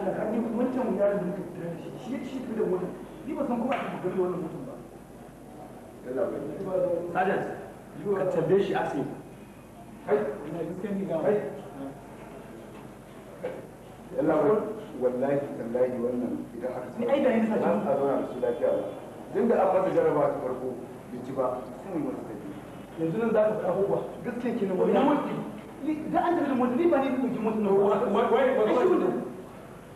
Allah ka nemi wancan da muka tare da shi shi shi tafi da ni ba san kuma a ta wannan mutum ba ka shi sai Kai, ina ni Kai, yalla wallahi wallahi wannan idan aka ni ai da yin an zo da su lafiya ba din da an da jaraba ta farko bai ci ba sun yi masa tafi yanzu nan za ka gaskiya kina da an da ni ba ne kuma ji mutum na hukwa wai ba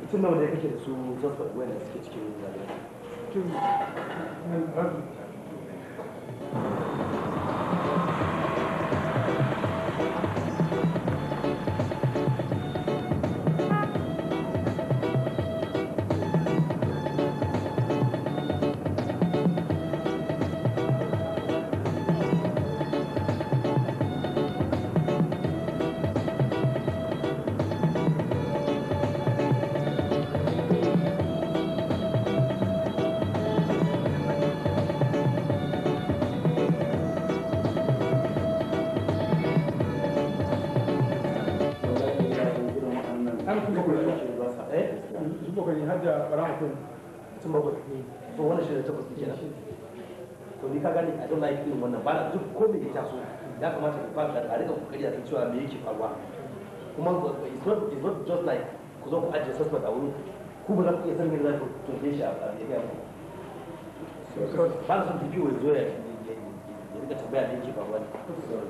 mutum nawa ne kake da su zasu da suke cikin zabe ka gane a don lafi irin wannan bana duk ko ya taso ya kamata ka fara da rika kokari a kan cewa me yake faruwa kuma it's not it's not just like ku zo ku ajiye suspect a wurin ku ba za ku iya san me za ku tunje shi a ya ba na son zo ya ya rika tambaya me yake faruwa ne ah,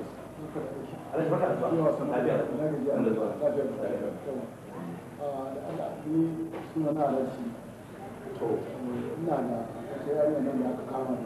Allah baka da da da da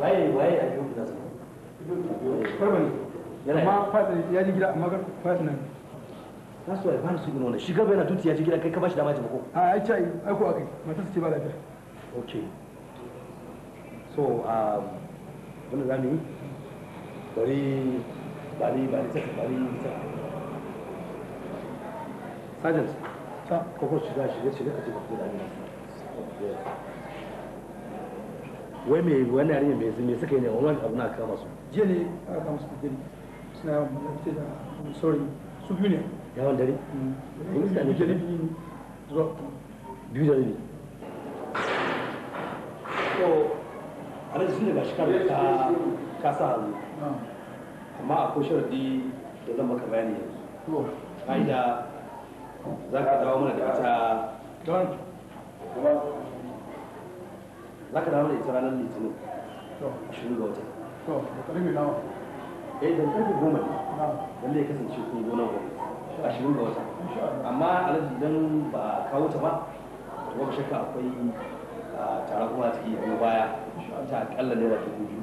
waye waye a biyu ya ji gida amma nan su gina wannan tuti ya ji gida kai ka bashi dama a ai ai ko akai ce ba lafiya okay so um wannan zamu yi bari bari bari ta bari ta sergeant ta ko ko da ni wai mai wani yarinya mai zai mai suka yi ne wani abu na kama su jiya ne aka kama su dare suna yawon mallafi da sauri su biyu ne yawan dare mm. in iska ne jere biyu biyu da ne to a nan shi ne ga shekaru ka sa hannu amma akwai sharadi da zan maka bayani yanzu ka'ida za ka dawo mana da ita don za ka dawo da ita ranar litinin ashirin ga wata to karfe nawa eh da karfe goma ne lalle ya kasance kun gona goma ashirin ga wata amma alhaji idan ba a kawo ta ba to babu shakka akwai tara kuma a ciki baya ta akalla naira dubu biyu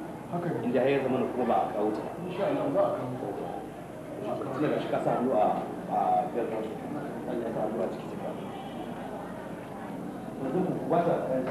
in da ya zama kuma ba a kawo ta tana da shi ka sa hannu a biyar ta ya hannu a ciki ciki ba ta ta. Eh,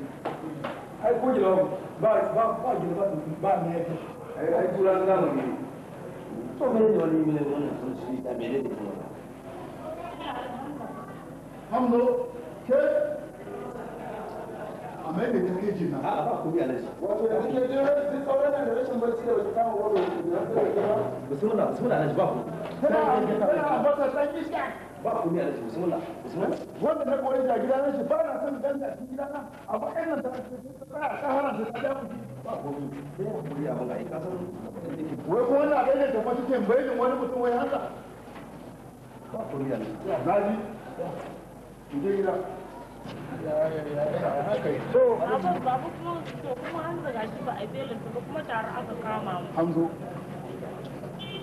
ai ko jira ba ba ba jira ba ba ne ai ai kura na mu ne to me ne wani mele wannan sun shi da mele ne kuma hamdo ke amma ne ta keji na a ba ku bi alaji wato da kake jira duk sauran da rashin barci da wata kama wani bismillah bismillah alaji ba ku kana kana ba ta san iska ba ku ne da rashin bismillah wanda na kore da gida na shi ba na son ganda a cikin gida na a bakan nan ta ta hana ta tsaya ku ba ku ne sai ya kuri abin ai ka san wai ko wannan abin da ta fata ke bayin wani mutum wai haka ba ku ne na ji ku je gida So, babu kuma kuma an zaga ba a belin ba kuma an aka kama mu. An zo.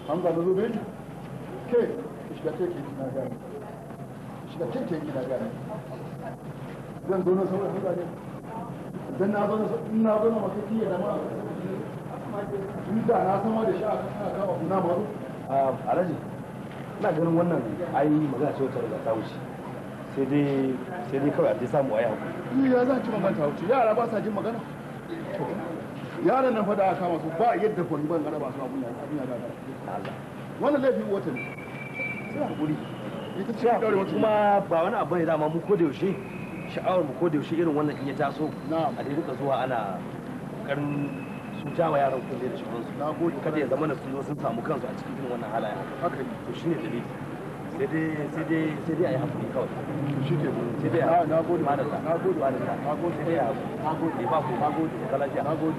An zaga zo Ke, shiga ke na gani. da tintin gina gane zan zo na sauran mutane idan na zo na in na zo na masu kiyaye da ma in da na san da shi a kama na maru ah, alhaji ina ganin wannan ayi magana ce wata riga ta wuce sai dai sai dai kawai a je samu ayi hakuri ya za ci ta wuce yara ba sa jin magana yaran nan fa da kama su ba yadda ko ban gara ba su abun ya abun wannan laifin wata ne sai hakuri kuma ba wani abu ne dama da sha'awar mu ko da irin wannan ya taso a dai duka zuwa ana sun su yaran kulle da kada ya zama na sun sun samu kansu a cikin wannan halayen to shine dalili sai dai sai sai dai a hakuri kawai shi ke sai da na gode da na dai a ba ku na gode ka lafiya na gode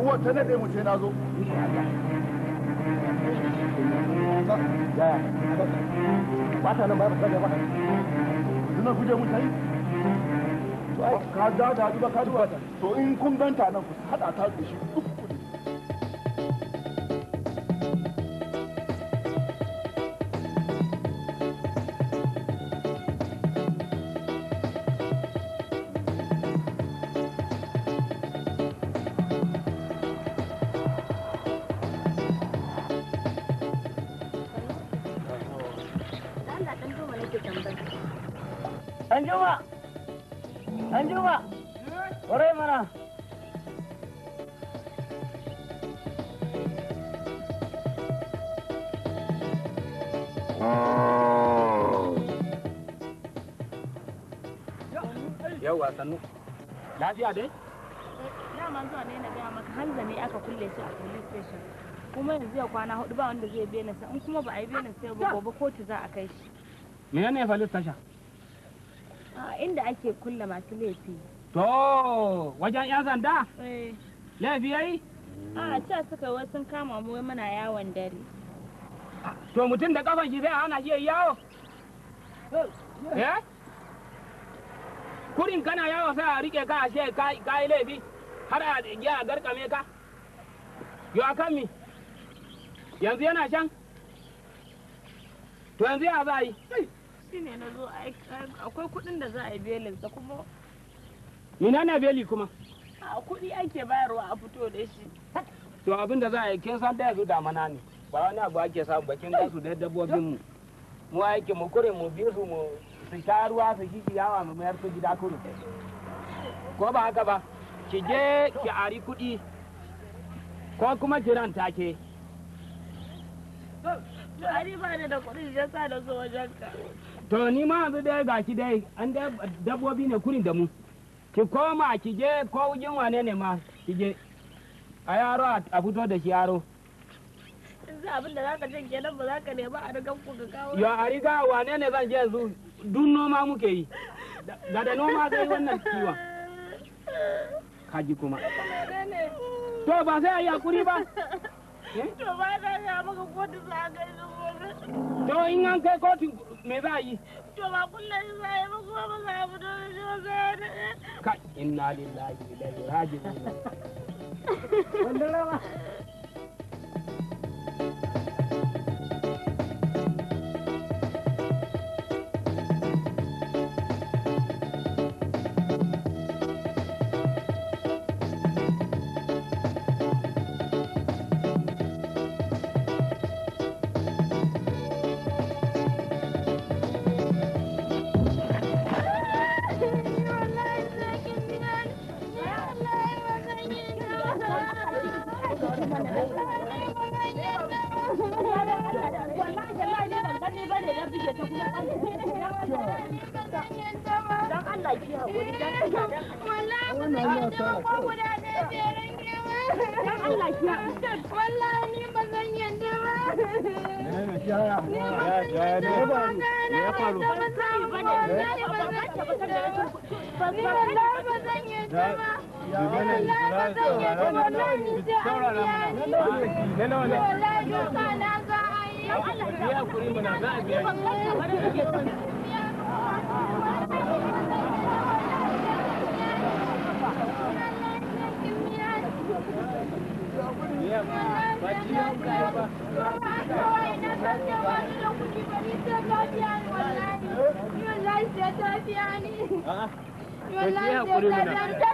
uwar ta nade mu ce na zo ba ta nan ba ba ba guje mu tai ka da da ka duba to in kun ganta nan ku hada ta da shi Yawwa sannu. Lafiya dai? Dama zuwa ne na gaya maka hanza ne aka kulle shi a police station. Kuma yanzu ya kwana hudu ba wanda zai bena sa in kuma ba a yi bena sai ba gobe kotu za a kai shi. Me ne police station? A inda ake kulle masu laifi. To wajen yan sanda? Eh. Laifi yayi? A ce suka wai sun kama mu muna yawon dare. To mutum da kafan shi zai hana shi yawo? Eh? kurin kana yawa sai a rike ka ashe ka kai laifi har a ya garkame ka yo akan mi yanzu yana shan to yanzu ya za yi shine na zo akwai kuɗin da za a yi belinsa kuma mina na beli kuma a kuɗi ake bayarwa a fito da shi to abin da za a yi kin san da yanzu mana ne ba wani abu ake samu bakin gasu da dabbobin mu mu aiki mu kure mu bi su mu su sha ruwa su ji ciyawa mu mayar su gida kudu ko ba haka ba ki je ki ari kuɗi ko kuma kiran take Ari ba da kuɗi ya sa da zo wajenka. To ni ma yanzu dai ga ki dai an dabbobi ne kurin da mu. Ki koma ki je ko wujin wane ne ma ki je. A yaro a fito da shi yaro. yanzu abin da ka jan kenan ba za ka nema a rigan ku ka kawo. Yo a riga wane ne zan je yanzu duk noma muke yi da da noma zai wannan kiwa. kaji kuma to ba sai a yi hakuri ba eh? to ba sai ya maka kotu za a kai to in an kai kotu me za a yi to ba kullum shi za a yi ba kuma ba za a fito da shi za a ka inna lillahi ilaihi raji'un wannan rama Wallahi sai ta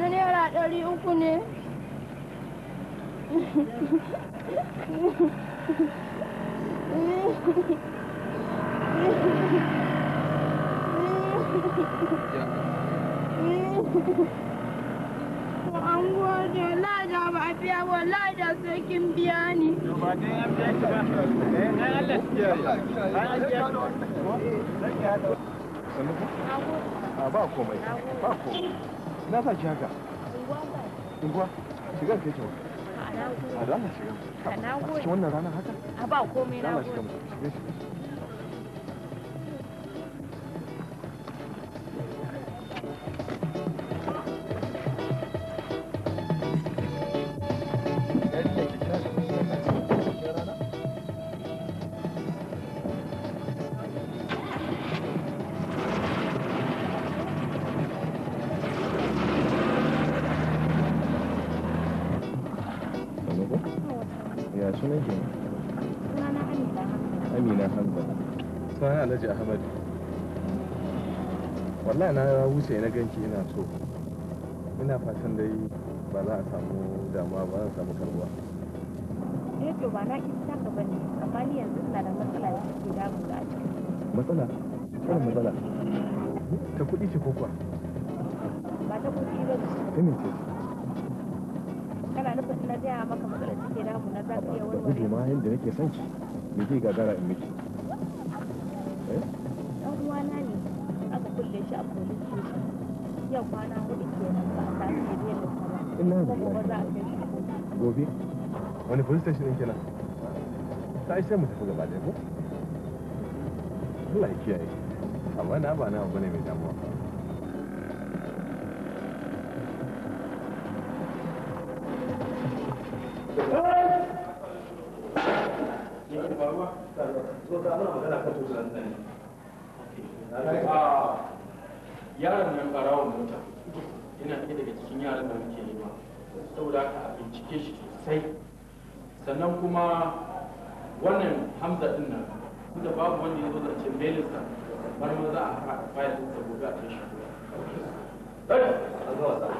na naira ɗari uku ne Ko an gode lada ba a lada sai kin biya ni. Eh, ba komai. Ba komai. na ta ki haka unguwa shiga ke ki a da shiga a cikin wannan ranar haka a ba komai na gode alhaji ahmad wallahi na wuce na ganki ina so ina fatan dai ba za a samu damuwa ba za a samu karbuwa rediyo eh ba na ki ta ka bane amma ni yanzu ina da matsala da take damu da aiki matsala irin matsala ta kuɗi ce ko kuwa ba ta kuɗi ba ce me ce kana nufin na gaya maka matsalar da damu na za ka iya warware ma yanda nake son ki me ke gagara in miki kwana ne aka kulle shi a police station yau kwana hudu nan ba a biyan da biyar da ba za a kai shi gobe wani police station din kenan ta ishe mu tafi gaba ɗaya ko Allah ya kiyaye amma na ba na abu ne mai damuwa Thank you. yaran nan barawa mota yana ɗaya daga cikin yaran da muke nema saboda haka bincike shi sosai sannan kuma wannan hamza din nan inda babu wanda ya zo da maza belinsa bar ma za a haɗa fayil ɗinsa gobe a kai shi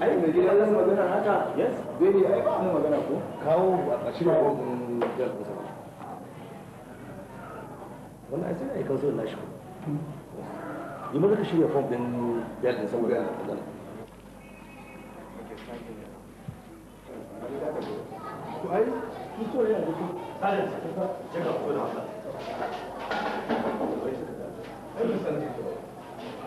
ai mai magana haka yes dai ai magana ko kawo a ƙarshen gwamnatin jihar kusa wannan ai sai kan na shi ka shirya fom din saboda magana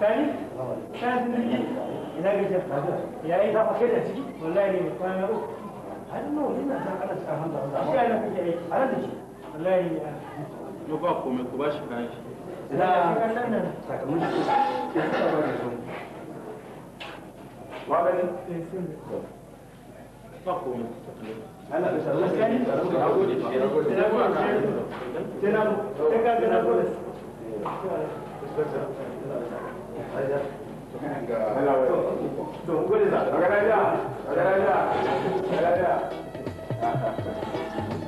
ثاني ثالث ina gajiya ya yi na san ana cikin kuke yi a da shi wallahi ne ya mu ba komai na sakamakon shi ke suka ba da zo wa gani eh, ba komai ana da shawarar Raja. Raja. Raja. Raja. Raja. Raja. Raja. Raja. Raja.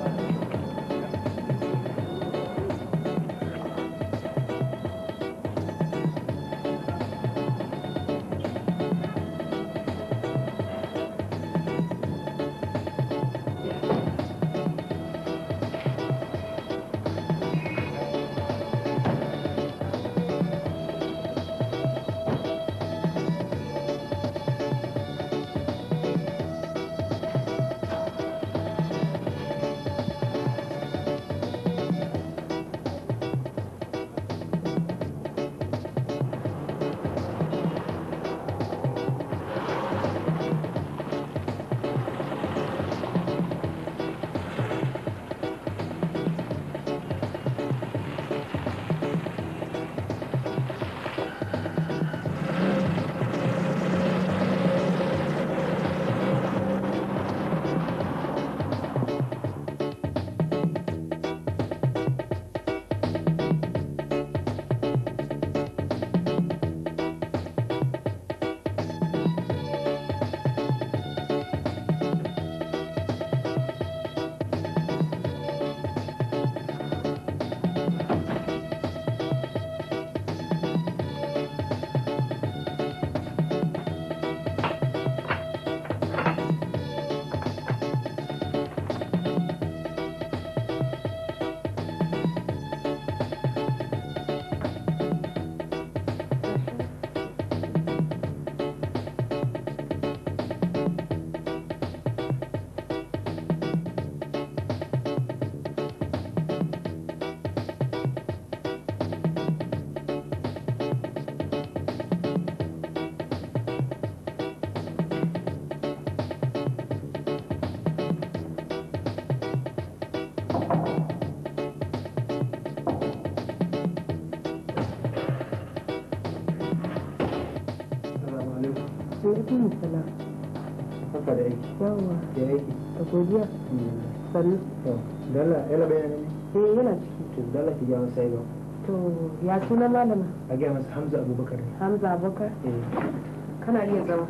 alaikum salam haka da aiki yawa da aiki a to ya suna malama a ga masa hamza abubakar hamza abubakar kana iya zama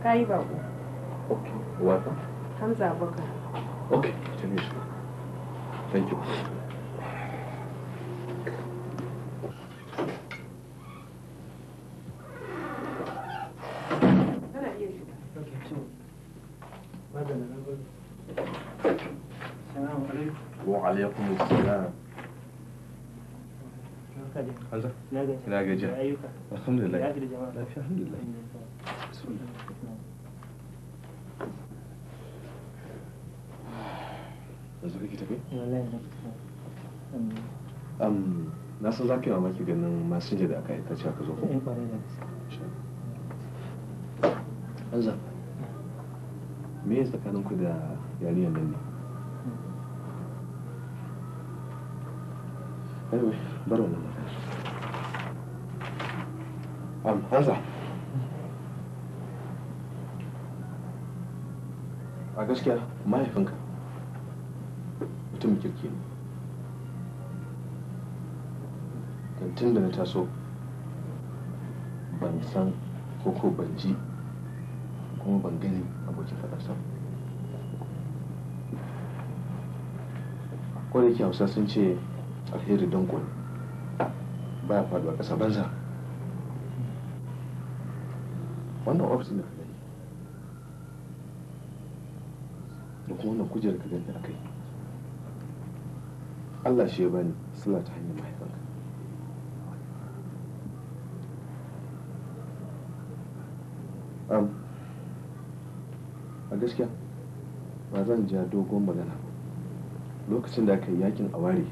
ka yi bako. Ok, wata. Hamza Abubakar. Okay, Thank you. وعليكم السلام هذا لا جاء الحمد لله الحمد لله tafi? na san za ka yi mamaki ganin masinja da aka ta ce aka zo ko? Eh, Anza, mm. mm. me ya tsakanin ku da yarinyar nan ne? Mm. Anyway, bar wannan magana. Anza, a gaskiya mahaifinka mutum kirki ne don tun da na taso ban san ko ban ji kuma ban gani abokin faɗarsa ko da ke hausa sun ce alheri don ba baya faɗuwa ƙasa banza wannan ofis na ka gani da kuma wannan kujerar ka gani a kai Allah shi ya bani suna ta hanyar mahaifinka am a gaskiya ba zan ja dogon magana lokacin da aka yi yakin a ware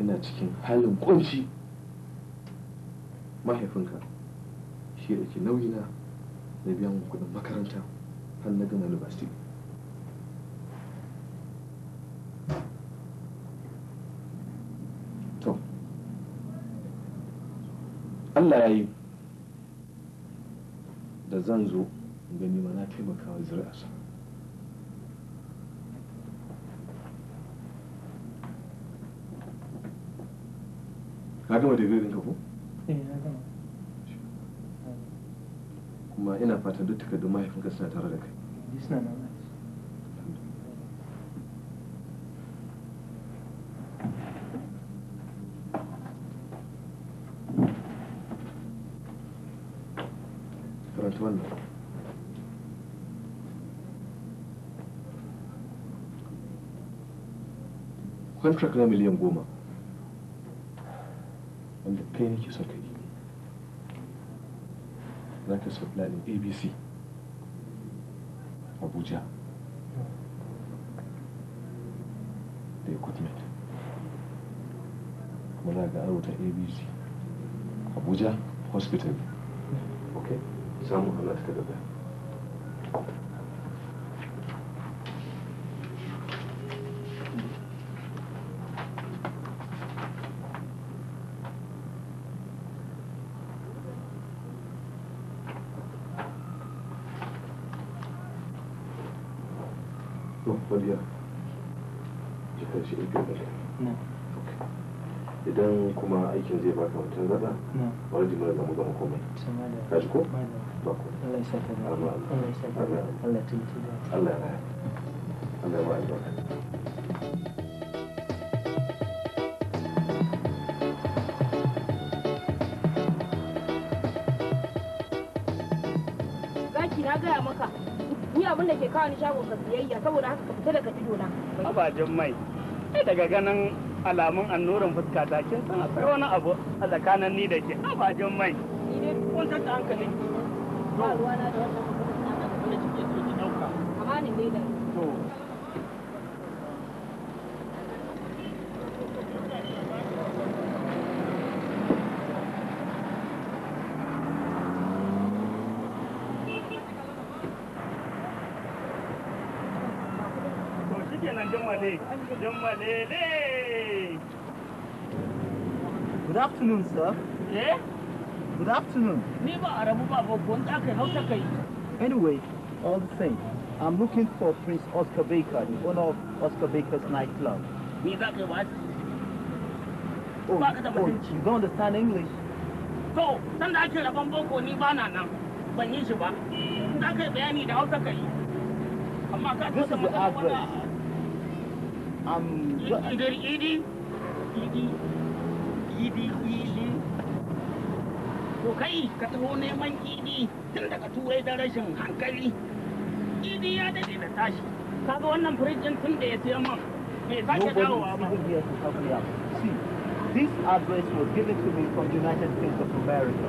ina cikin halin kunci mahaifinka shi da ke nauyina na biyan kudin makaranta har na gama university Allah ya yi da zan zo gani ma na taimaka wa zuri'arsa ka gama da biyu ko? Eh, kuma ina fatan duk takardun mahaifinka suna tare da kai contract na miliyan goma wanda kai nake son kai za ka supply din abc abuja da equipment kuma za ga arota abc abuja hospital ok samu halatta daga idan kuma aikin zai baka mutum zaɓa wani jimar zama zama komai ka ji ko ba ko Allah ya Allah ya na gaya maka ni abin da ke kawo ni shago ka siyayya saboda haka ka fita daga ido na abajen mai daga ganin alamun annurin fuska ta kin san akwai wani abu a tsakanin ni da ke abajin mai kun tatta hankalin ba ruwana da wannan Malele. Good afternoon, sir. Yeah? Good afternoon. Anyway, all the same, I'm looking for Prince Oscar Baker, the owner of Oscar Baker's nightclub. Oh, oh, you don't understand English. So, san da ake rabon boko ni ba na nan, am idar kai ka taho neman idi tun daga tuwai da rashin hankali idi ya dade da tashi kaga wannan firijin tun da ya siya man This address was given to me from the United States of America.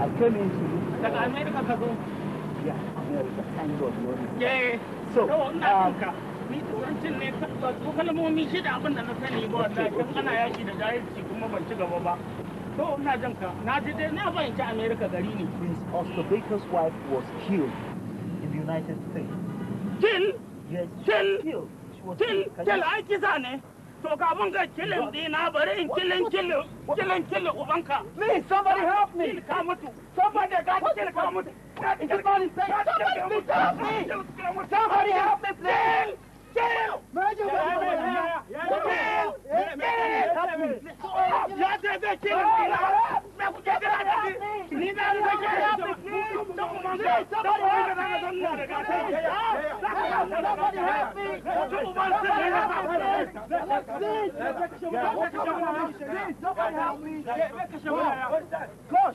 I came into Daga America ka zo? Yeah, America. Thank God. Yeah. So, um, ni turancin ne kalmomi shida abin da na sani ba da kan ana yaki da jahilci kuma ban ci gaba ba to ina jan ka na ji dai na fahimci America gari ne Prince Oscar Baker's wife was killed in the United States kill yes kill kill kill ai kisa ne to ka abin ga dina bari in kilin kilin please somebody help me ka mutu somebody ka mutu help me, Somebody help me, please! ما جاب يا يا يا يا يا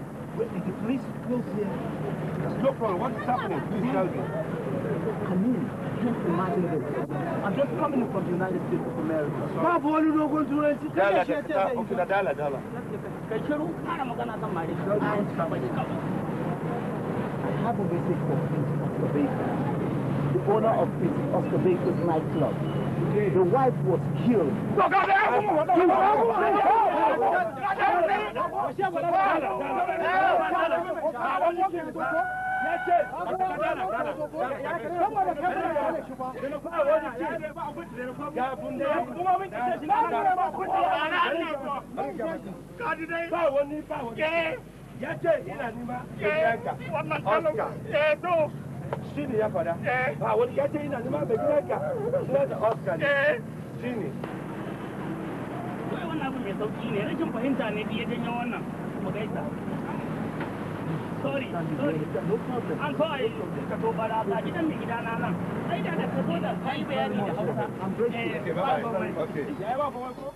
If the police goes here, it's no problem. What's happening? Please tell me. I just imagine this. I'm just coming from the United States of America. Babu wani dogon turanci. Dala da ta ofi dala dala. Kai shiru kana I have a message for Prince Oscar Baker, the owner of Prince Oscar Baker's nightclub. The wife was killed. ya ce ina nima ya yanka wannan talon ya to shi ne ya fada eh. ba wani ya ce ina nima mai gidan ka suna da oscar ne eh. shi ne wai wannan abu mai sauki ne rashin fahimta ne biye janyo wannan gaisa sorry sorry an so a yi ka to bara ga gidan mai gida na nan sai da ka zo da kai bayani da hausa eh ba ba ba ya ba ba ko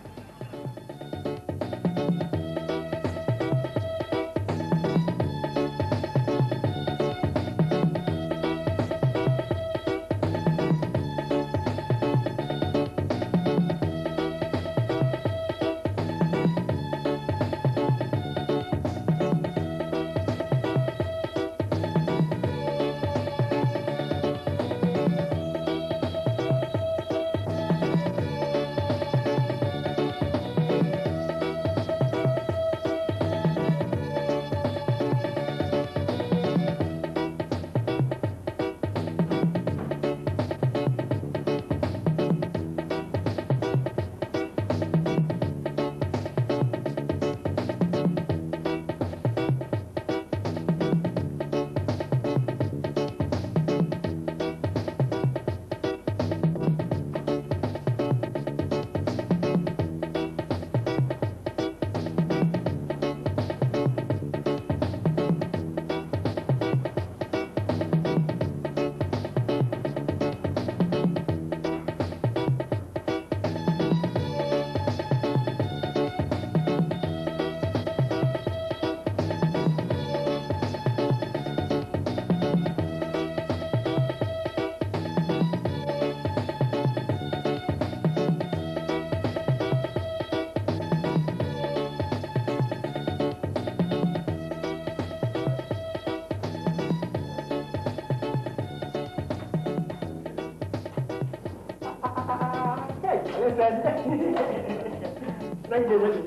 Thank you, Willie.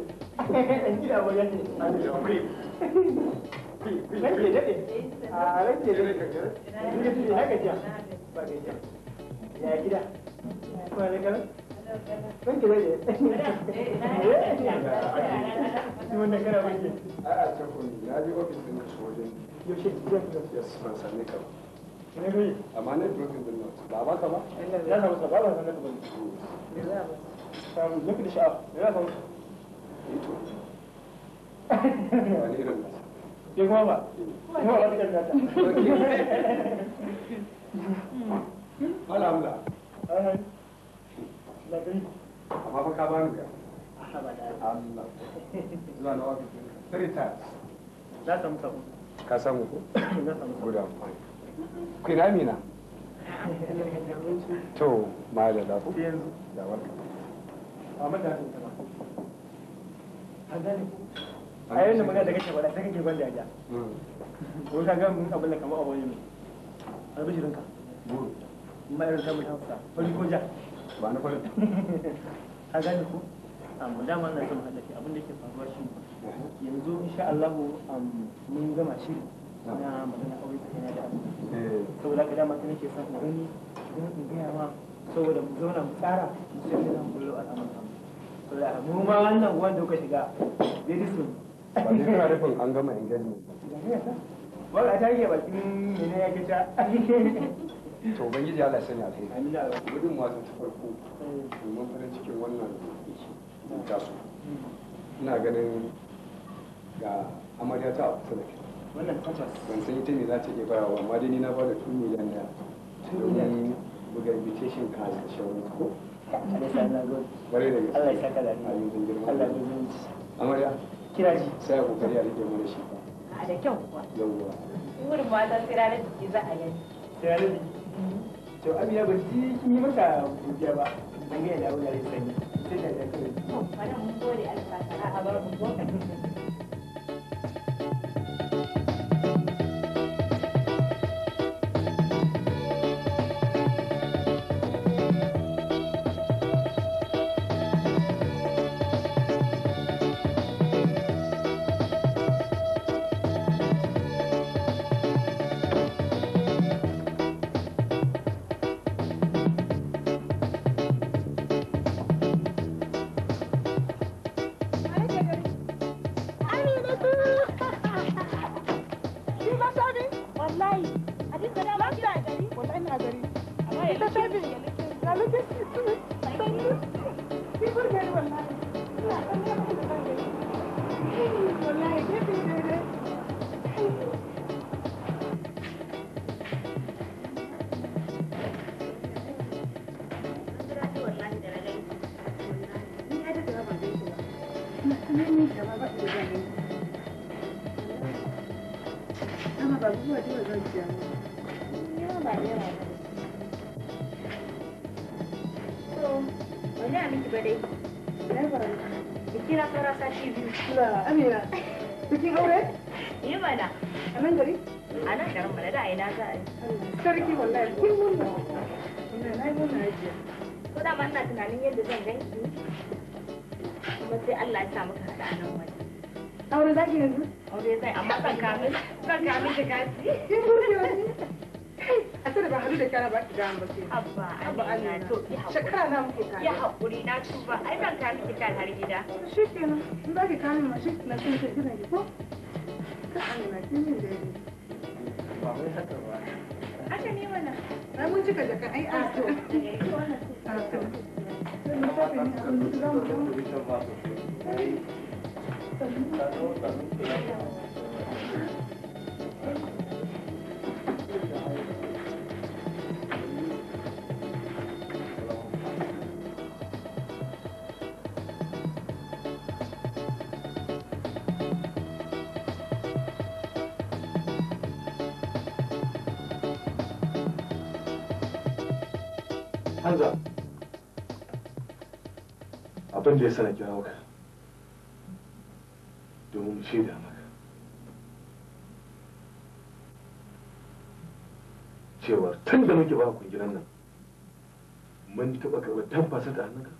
Ina ba yake. Ranke daɗe. A ranke daɗe. Ina fi haka ja. Ba ga ja. Ya gida. Kuma ne kalan? Ranke daɗe. Shi wanda kana wanke. A a can kun na je ofis ɗin kasu wajen. Yaushe gidan ka? Yes, ban sani ka ba. Ne bai? Amma ne dokin din nan. Ba ba ka ba? Ya samu sa ba ba sanar da ba. Ne za a ba? Samu, ne ku da sha'a. Ne za a samu? ya ka ka ko to ma da yanzu da warka a a yayin da magana da kake faɗa sai kake ban dariya ko ka ga mun abin da kamar abu ne albishirin ka ma irin ta mutan sa fari ko ja ba na fari a gane ko amma dama ina son haɗa ke abin da ke faruwa shi yanzu insha Allah mun gama shi na magana aure ta tsakanin da abu saboda ka dama sai nake son gani don in gaya ma saboda mu zauna mu tsara mu sai mu zama kullu al'amuran mu ma wannan wanda kuka shiga very ba dai kana rufin an gama engagement ba A, tashi ya kita to ubangiji Allah sani alheri amin ya rabbi gudun wasan ta farko domin farin cikin wannan taso ina ganin ga amarya ta abu talaka wannan tabbas ban san ita ne za ta iya bayawa amma dai ni na ba da 2 miliyan naira domin buga invitation ka a ko Allah ya saka da Allah Amarya. Kiraji. Sai a kariya a rike mana shi. A da kyau kuwa. Yawwa. Wurin mata tsira da jiki za a yi. Tsira da To ba ji kin yi masa godiya ba. An ga da wani sanyi. Sai da kai. To, bari mun gode Allah ta a bar mu gode. ina tunanin yadda zan gan ki kuma sai Allah ya sa muka haɗa a nan wani. Aure za ki yanzu? Aure zai amma kamin kamin da Kin wani. A sada ba da kyara ba ki da ba Abba Abba Allah to Shekara na muke kare. Ya haƙuri na tuba ai kamin ki kan har gida. Shi kenan in za ki kamin ma shi na ki ko? Ka amina kin Ba wai haka ba. wannan. Ai mun cika jaka ai ah, Thank you. abin da ya sana kira maka domin mu shaida maka cewar tun da muke ba ku gidan nan mun taɓa karɓar tan fasa da hannunka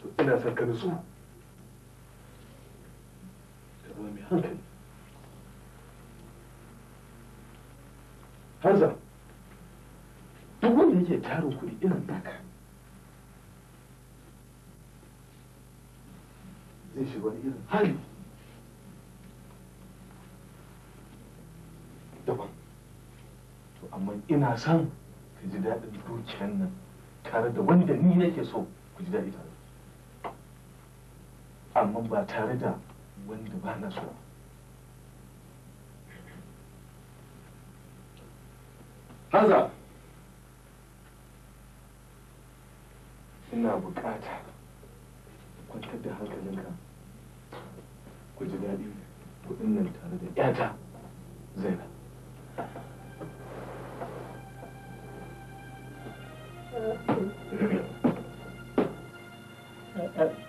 to ina son ka nutsu ka zama mai hankali hanza duk wanda yake tarin kuɗi irin naka zai shi wani irin hali daban to amma ina son ka ji daɗin dukiyar nan tare da wanda ni nake so ku ji daɗi tare amma ba tare da wanda ba na so haza ina bukata kwantar da hankalinka ku ji daɗi kuɗin nan tare da ƴata zaina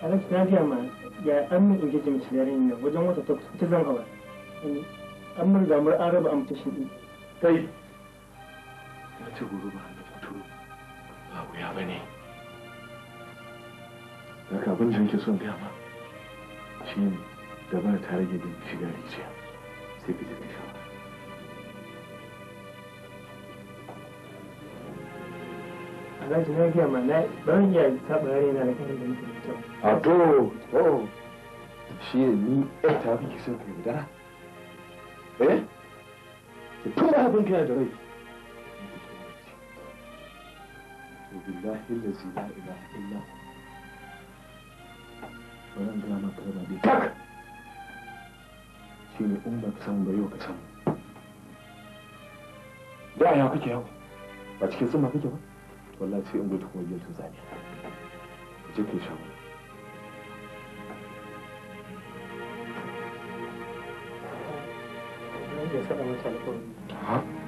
Alex na gaya ma ya an min engagement da yarinya wajen wata ta ta zan hawa An mun gamar an raba amtashin din. Kai na ce gobe ba da kuturu ba wuya ba ne. Daga abin jinki nake son gaya ma shi ne dabar ta rage din shiga rijiya sai ka je ka Alhaji na gaya ma na ban ya da kanin da A to, oh, shi ne ni ɗaya ta fi kisan ka gudana? Eh? Tun da abin kana da rai, بالله الذي لا اله الا هو ولم يكن shine in ba ka ba yau ka samu da ya yawa kake yawo ba cikin tsumma kake ba wallahi sai in gudu kuma biyar tun zabi je ka yi shawara ya sanar masa alƙawari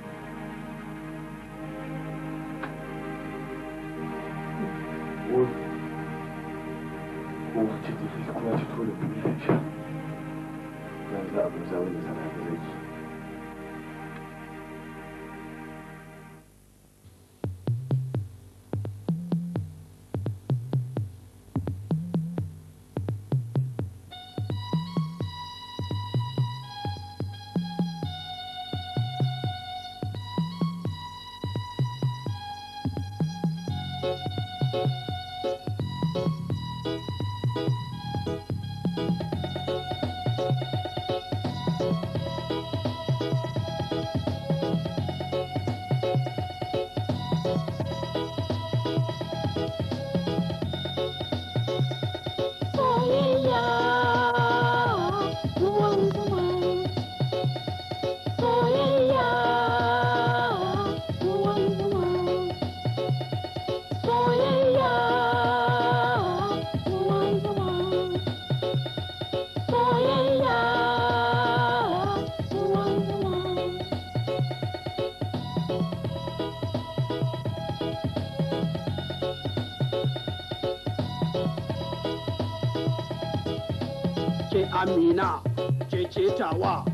ce amina ce ce tawa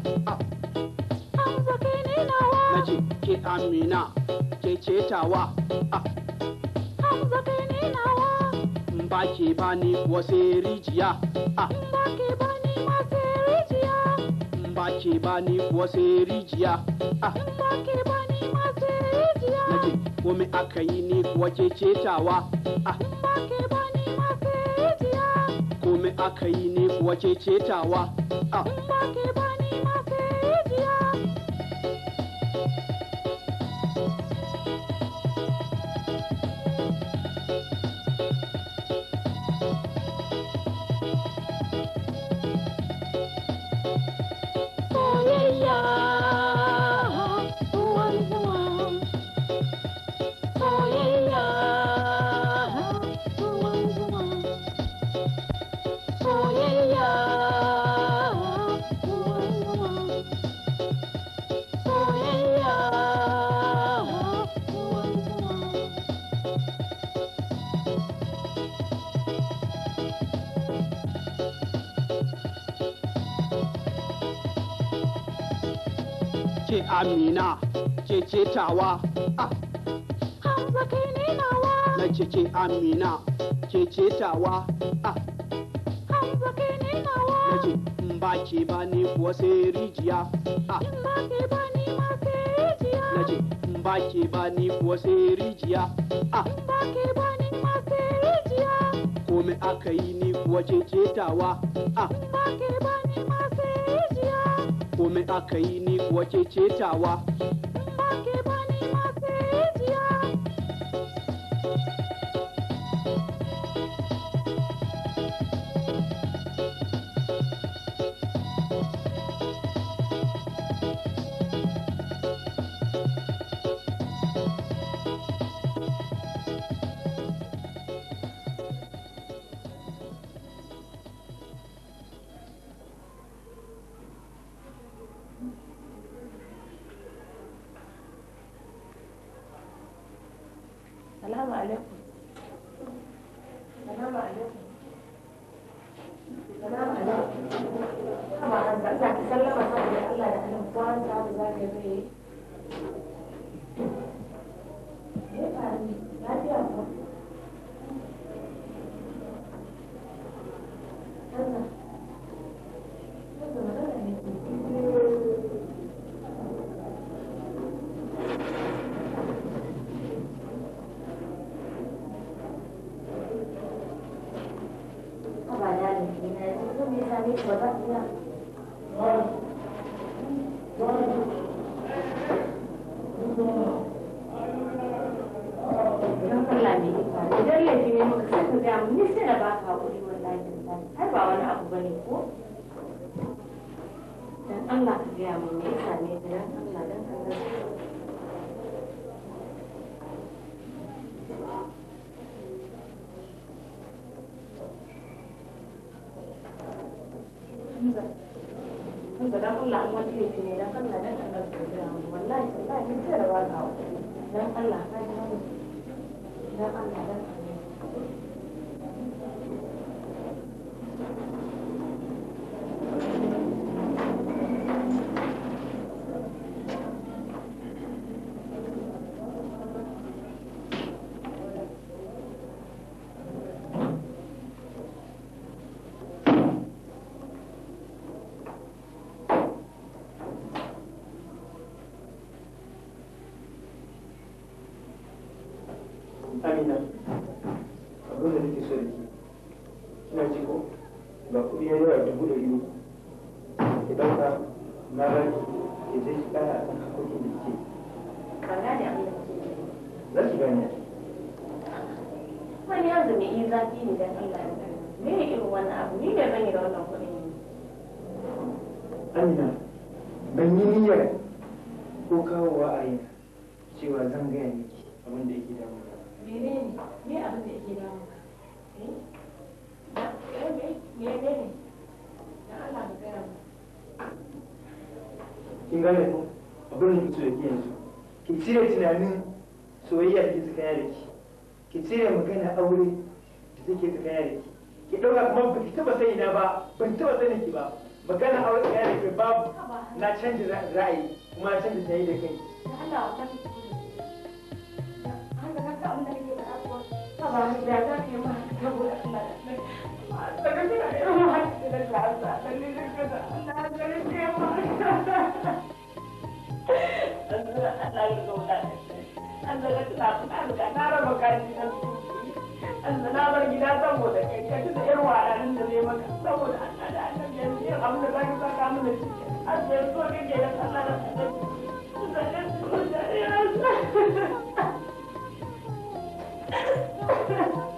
Naje ke amina ce ce tawa ba ke ba ni wasu rijiya ah. ba ke ba ni wasu rijiya ah. na ce kome aka yi ni kuwa ce tawa ba ke ba aka yi ne kuwa ce cetawa. Ah. ce tawa ah. hamza kai ne nawa na ce ce amina ke ce tawa ah. hamza kai ne nawa na ce in ba ke ba ni kuwa sai rijiya ah. in ba ke ba ni ma sai rijiya na ce in ba ke ba ni kuwa sai rijiya in ba ke ba ni ma sai rijiya komai aka yi ni kuwa ce ce tawa in ba ke ba ni ma sai rijiya komai aka yi ni kuwa ce ce tawa ba ka haƙuri wallahi tallahi har ba wani abu bane ko dan Allah ka gaya me yasa ne dan Allah dan Allah Hamza, Allah an wani ne dan Allah dan Allah zafi ne Allah ni Amina ban yi niyyar ko kawowa a yi cewa zan gaya miki abin da yake damu mene ne me abin da yake damu me ne ne dan Allah ka gaya mu kin gane ko abin da kuke yi yanzu ki cire tunanin soyayya da tsaya da ki ki cire magana aure nake tsakaya da ki ki dauka kuma ba ki taba sani na ba ba ki taba sani ki ba magana aure tsaya da ke babu na canza ra'ayi kuma na canza tayi da kai Allah ka ka abin da nake da abuwa ba da za ka yi ma saboda Allah Allah Allah Allah Allah Allah na gida saboda kai da yar da zai maka saboda Allah da annabi yanzu abin da zaka saka mana shi azza so kake da Allah da so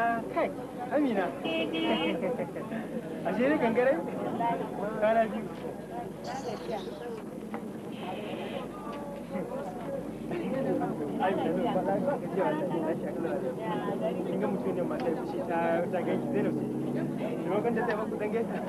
Ah, kai amina ashe ne kankare kwana biyu Inga mutum ne mata ta zai ta dange?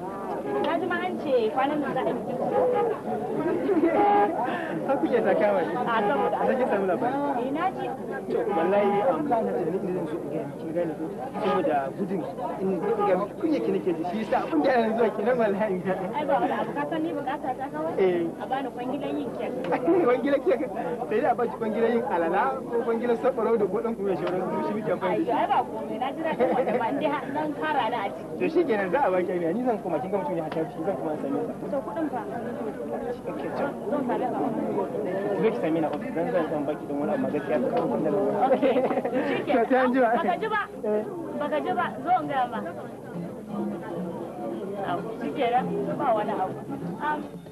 a kuke A saboda. samu labari. Eh, wallahi an um, kana da nake zan in gane ko saboda gudun in ki nake ji shi yasa abin da yanzu nan wallahi. Ai ba wala abu ka san ni bukata ta kawai. Eh. A bani kwangilan yin kek. Kwangilan kek. Sai da ba ki kwangilan yin alala ko kwangilan sabarau da kuma shi muke Ai ba na dai nan kara da a ciki. To shi kenan za a baki ni zan kuma kin ga mutum ya hata shi zan kuma same ta to kudin fa kike ce zan ba da ba zai same na ofis dan zan san baki dan wani amma gaskiya ka kawo da to ta ji ba baka ji ba eh. baka ji ba zo in ga ma shikenan ba wani abu um,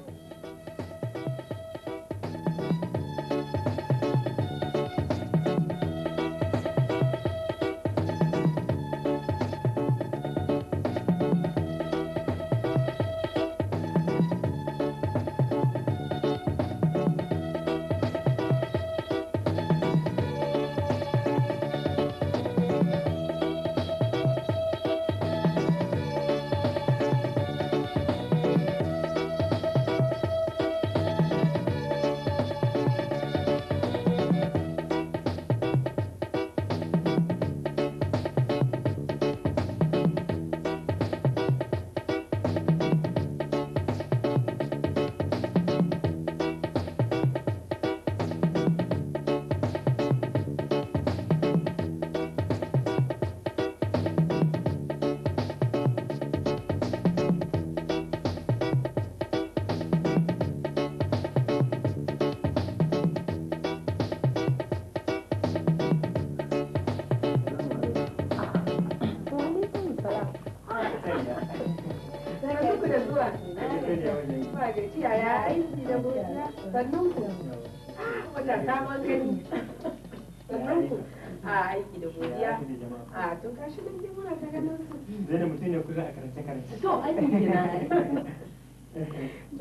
ai kuma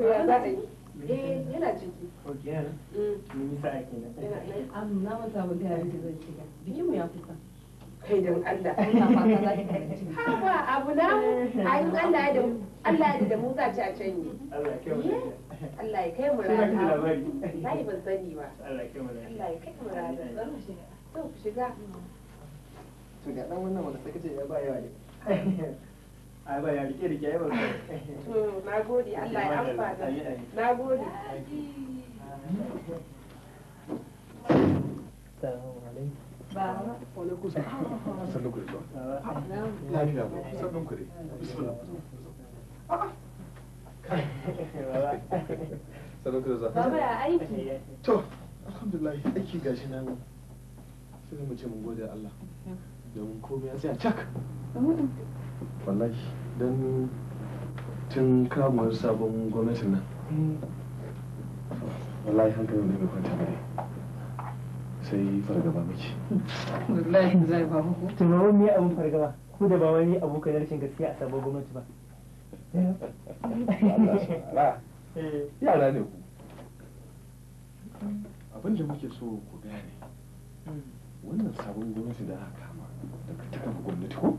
ya za ka yi eh yana ciki ok yana mun yi sa'a kenan amma na masa abin da ya zai shiga bikin mu ya kusa kai don Allah haba abu na ayin Allah ya da Allah ya da mu za ci a can ne Allah ya kai mu rana lai ban sani ba Allah ya kai mu rana Allah ya kai mu rana zan shiga to ku shiga to ga dan wannan wanda sakace ya ba yawa ne ai ba ya rike rike ai ba to gode, Allah ya amfana nagode Assalamu alaikum. Ba, wa alaikum salam. Sannu ku zuwa. Lafiya ko? Sannu ku dai. Bismillah. Sannu ku zuwa. Baba ya aiki. To, alhamdulillah aiki gashi nan. Sai mu ce mun gode Allah. Domin komai ya tsaya cak. wallahi don tun kamuwar sabon gwamnatin nan wallahi hankali ne mai kwanta bane sai fargaba muke wallahi zai ba muku tunanin me abun fargaba ko da ba wani abokan rashin gaskiya a sabon gwamnati ba yara ne ku abin da muke so ku ne hmm. wannan sabon gwamnati da aka kama daga ta kafa gwamnati ko?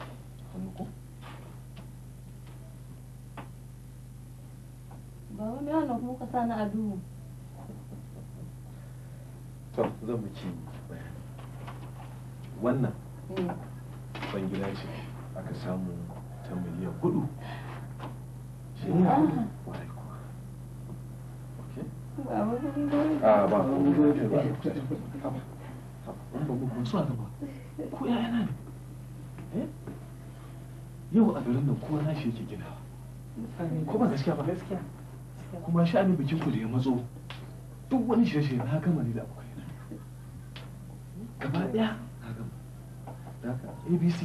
ba wani wannan kuma ka to zan miki wannan eh. ban gida ce aka samu ta miliyan hudu shi ah. a ah, ko eh? yau a garin kowa na shi yake gina ko ba gaskiya ba gaskiya kuma sha'anin bikin ku da ya matso duk wani shirye na gama ne da abokai na gaba daya na gama da abc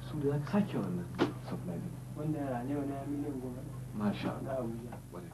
su da za sake wannan supply ne wanda ne wani miliyan goma masha Allah wani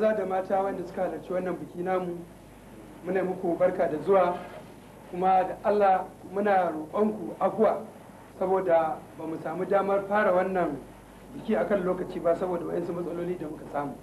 maza da mata wanda suka halarci wannan biki namu muna muku barka da zuwa kuma da allah muna roƙonku afuwa saboda ba mu samu damar fara wannan biki akan lokaci ba saboda wayansu matsaloli da muka samu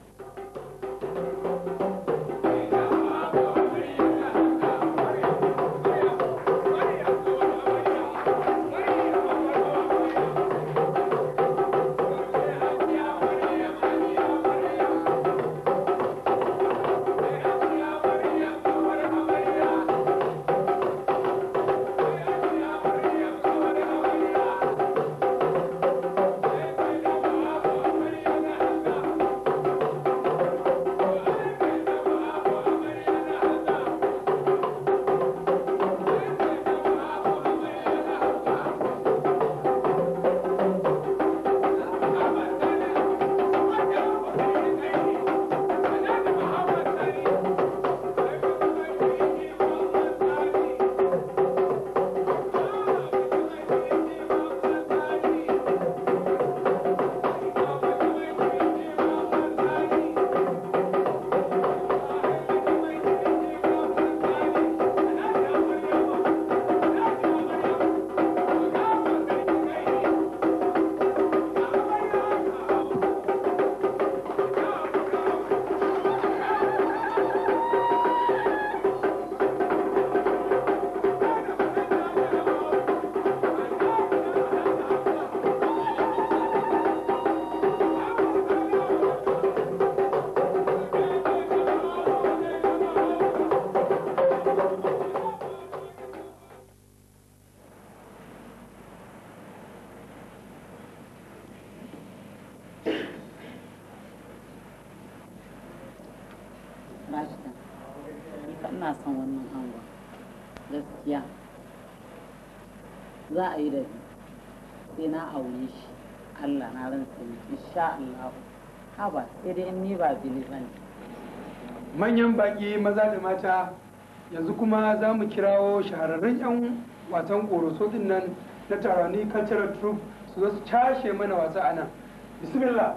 ni ba ba ne manyan baƙi maza da mata yanzu kuma za mu kirawo shahararren 'yan wasan ƙoroso din nan na tarani cultural troupe su zo su cashe mana wasa a nan bismillah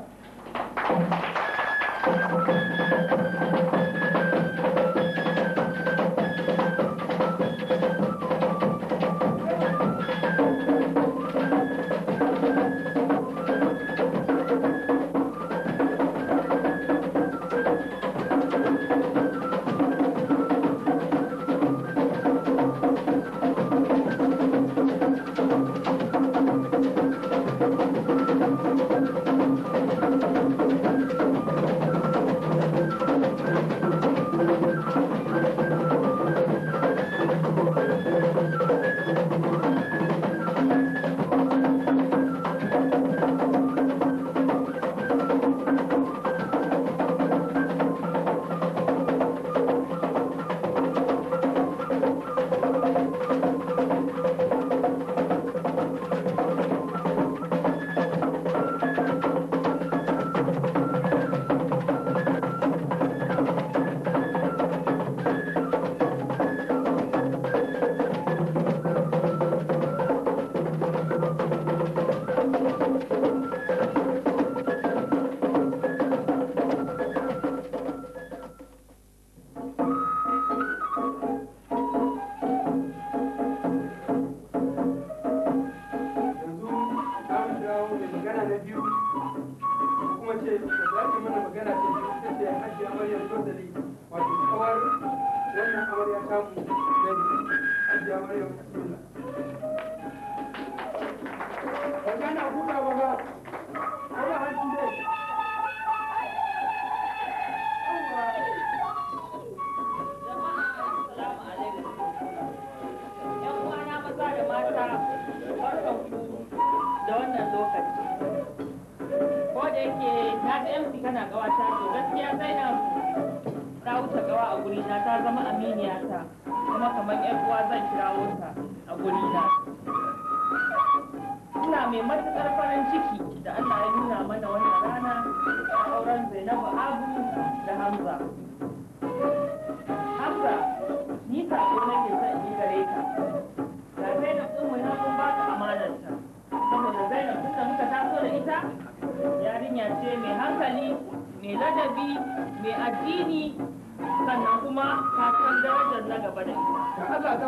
gaba da ita mata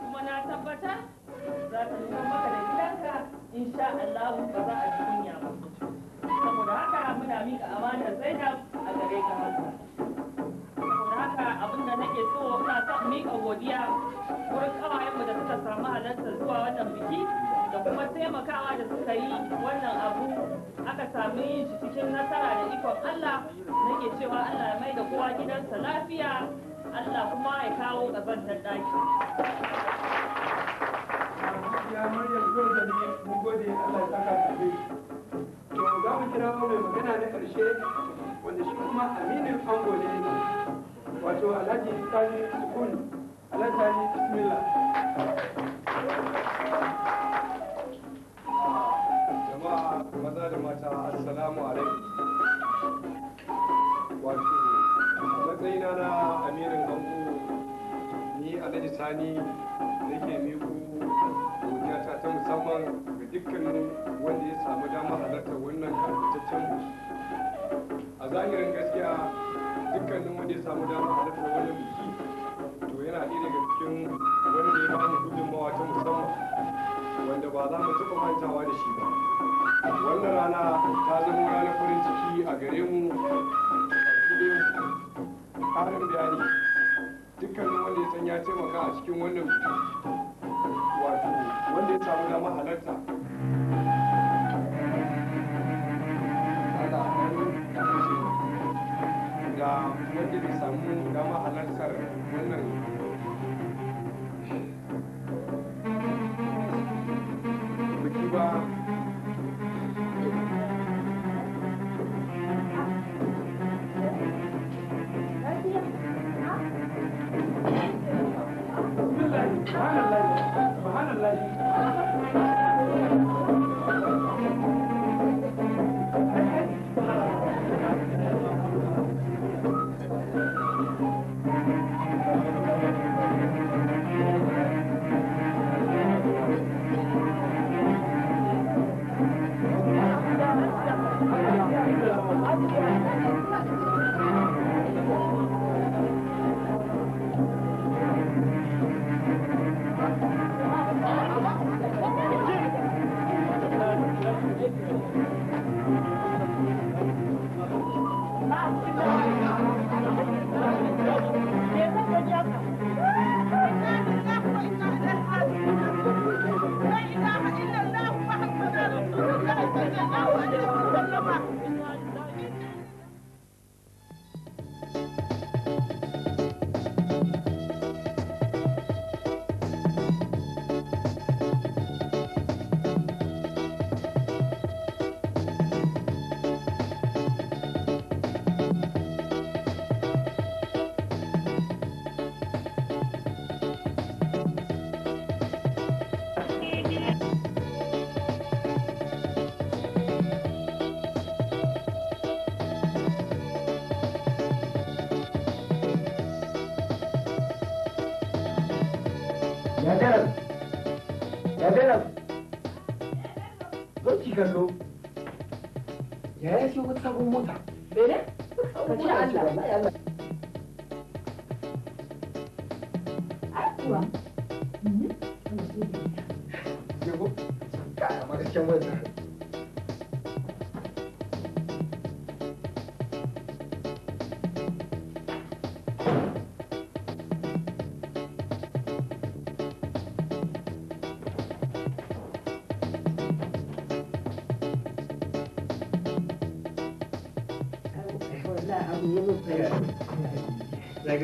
kuma na tabbata za ta nuna maka da gidanka insha Allah ba za a ji kunya ba saboda haka muna mika amanar Zainab a gare ka haka nake so muna son miƙa godiya wurin kawayenmu da suka samu halartar zuwa wannan biki da kuma taimakawa da suka yi wannan abu aka sami yin shi cikin nasara da ikon Allah nake cewa Allah ya mai da kowa gidansa lafiya Allah kuma ya kawo ƙazantar daki. Ya Maryam Jordan ne mun gode Allah ya saka To za mu kira mai magana na ƙarshe wanda shi kuma aminin ango ne wato alhaji tsani sukun alhaji bismillah jama'a maza da mata assalamu alaikum wato matsayina na amirin ango ni alhaji tsani nake miku godiyata ta musamman ga dukkanin wanda ya samu damar halartar wannan karfitaccen a zahirin gaskiya dukkanin wanda ya samu damar halartar wannan biki to yana ɗaya daga cikin wani ne ba bani gudunmawa ta musamman wanda ba za mu taɓa mantawa da shi ba wannan rana ta zama ranar farin ciki a gare mu ƙarin bayani dukkanin wanda ya san ya taimaka a cikin wannan biki wato wanda ya samu damar halarta ga yadda majalisa mun dama halartar wannan zo kika kallo ya ya ce wata sabon mota bene ka ci Allah mhm. Yabo, ka mara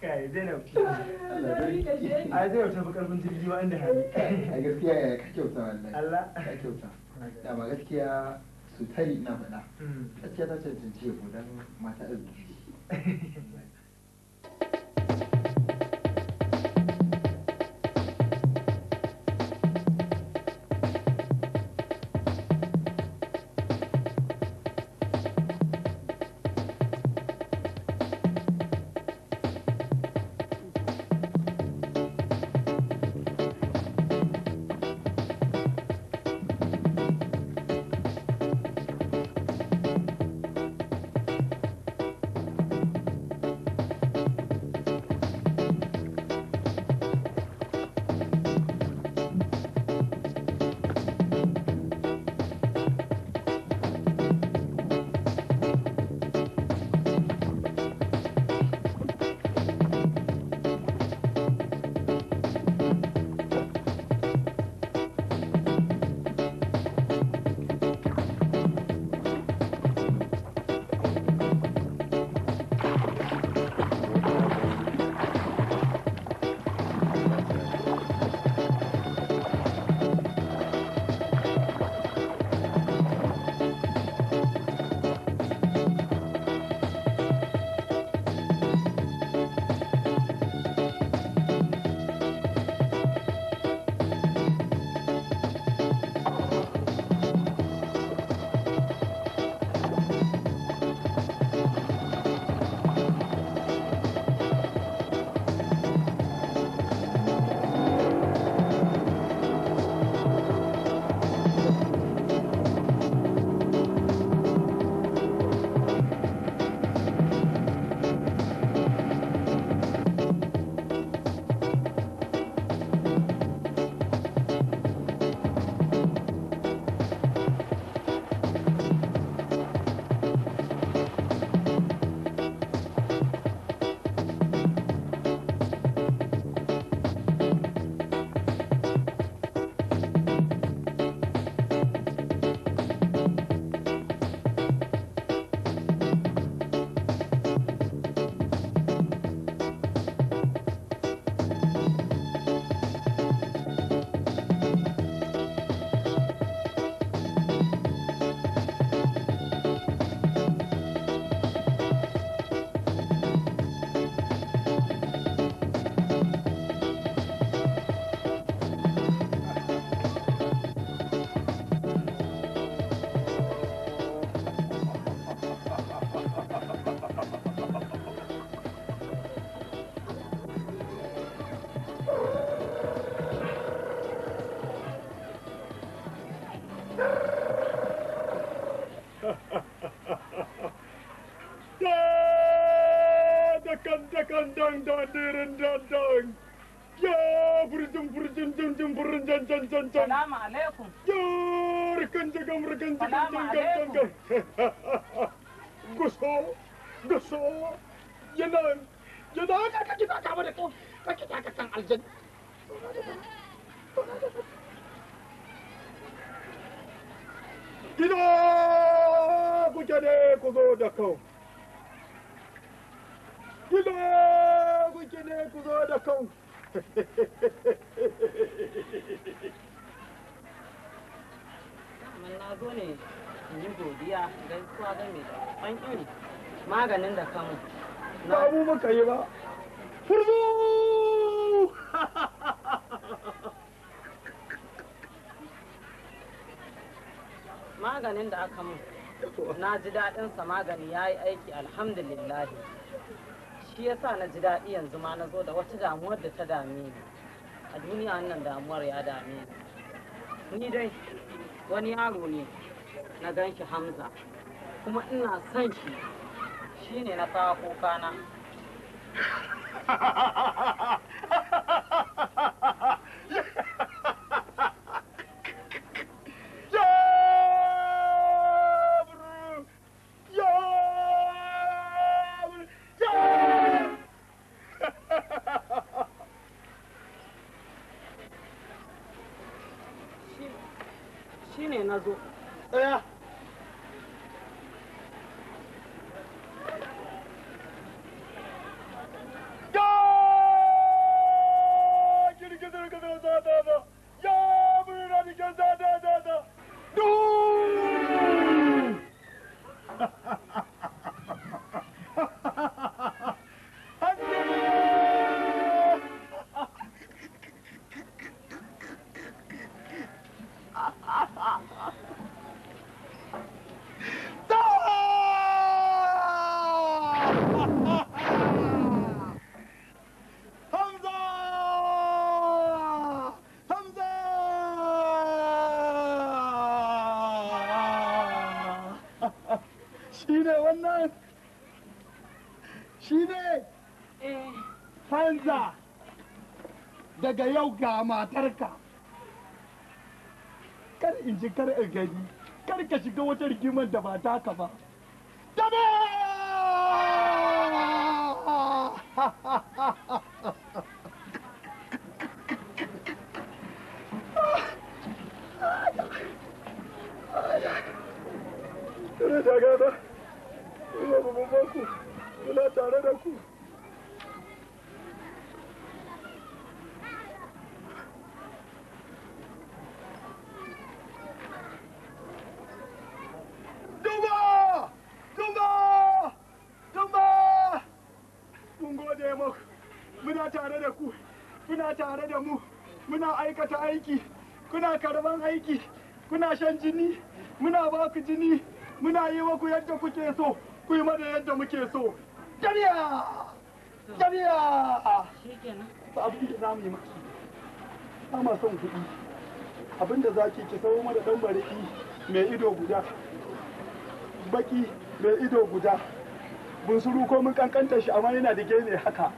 kai zainab a zainab ta fi karfin jirgi wa inda hali a gaskiya ya ka kyauta wallahi ka kyauta da ma gaskiya su tari na faɗa hmm. gaskiya ta cancanci ya gudan mata arziki Tama, na ji daɗin sa magani ya yi aiki alhamdulillahi shi ya sa na ji daɗi yanzu ma na zo da wata damuwar da ta dame ni a duniya wannan damuwar ya dame ni ni dai wani yaro ne na gan shi hamza kuma ina son shi shi ne na kuka kokana no, no, no. ga matarka kar in ji kar in gani kar ka shiga wata rigimar da ba taka ba jini muna ba ku jini muna yi maku yadda kuke so ku yi mana yadda muke so jariya jariya ba abin da zamu mu yi maki ba ma son kuɗi abin da za ki ki sayo mana dan bariki mai ido guda baki mai ido guda suru ko mun kankanta shi amma yana da gene haka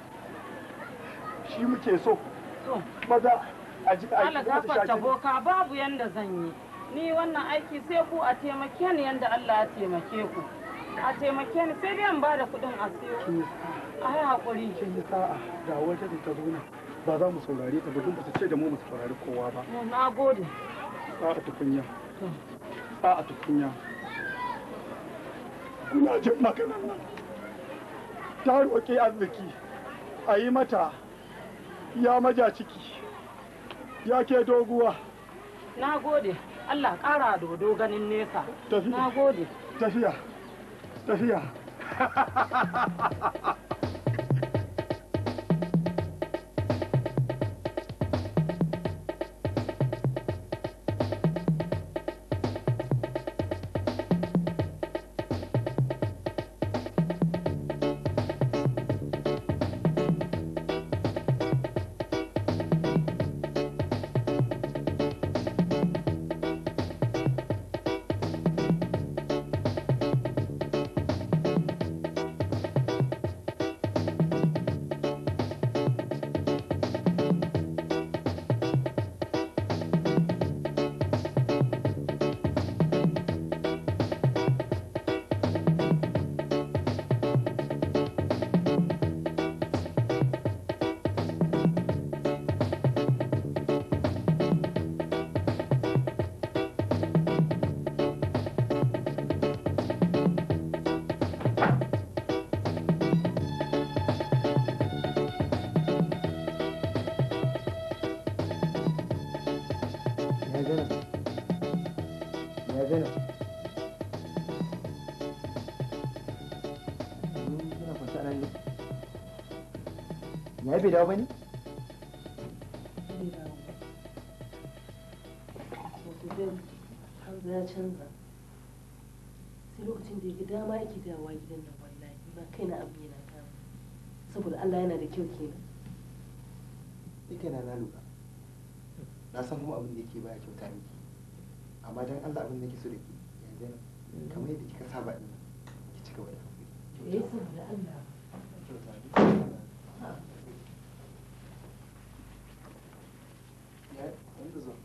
shi muke so maza a ji a ji boka babu yanda zan yi ni wannan aiki sai ku a taimake ni yadda Allah ya taimake ku a taimake ni sai dai in ba da kuɗin a siyo a yi haƙuri kin yi sa'a ga wata da ta zo ne ba za mu saurare ta ba don ba ta ce da mu mu saurari kowa ba mm, na gode sa'a tukunya sa'a tukunya kuna jin maganar nan ta roƙi arziki a yi mata ya maja ciki ya ke doguwa na gode Allah ƙara dodo ganin nesa. Na gode. Tafiya. Tafiya. bai dawo ba ne? na canza sai lokacin da yake dama yake dawowa gidan nan wallahi ba kai na abu yana kama saboda Allah yana da kyau kenan ita na na lura na san kuma abin da yake baya kyauta miki amma dan Allah abin da yake so da ke yanzu kamar yadda kika saba din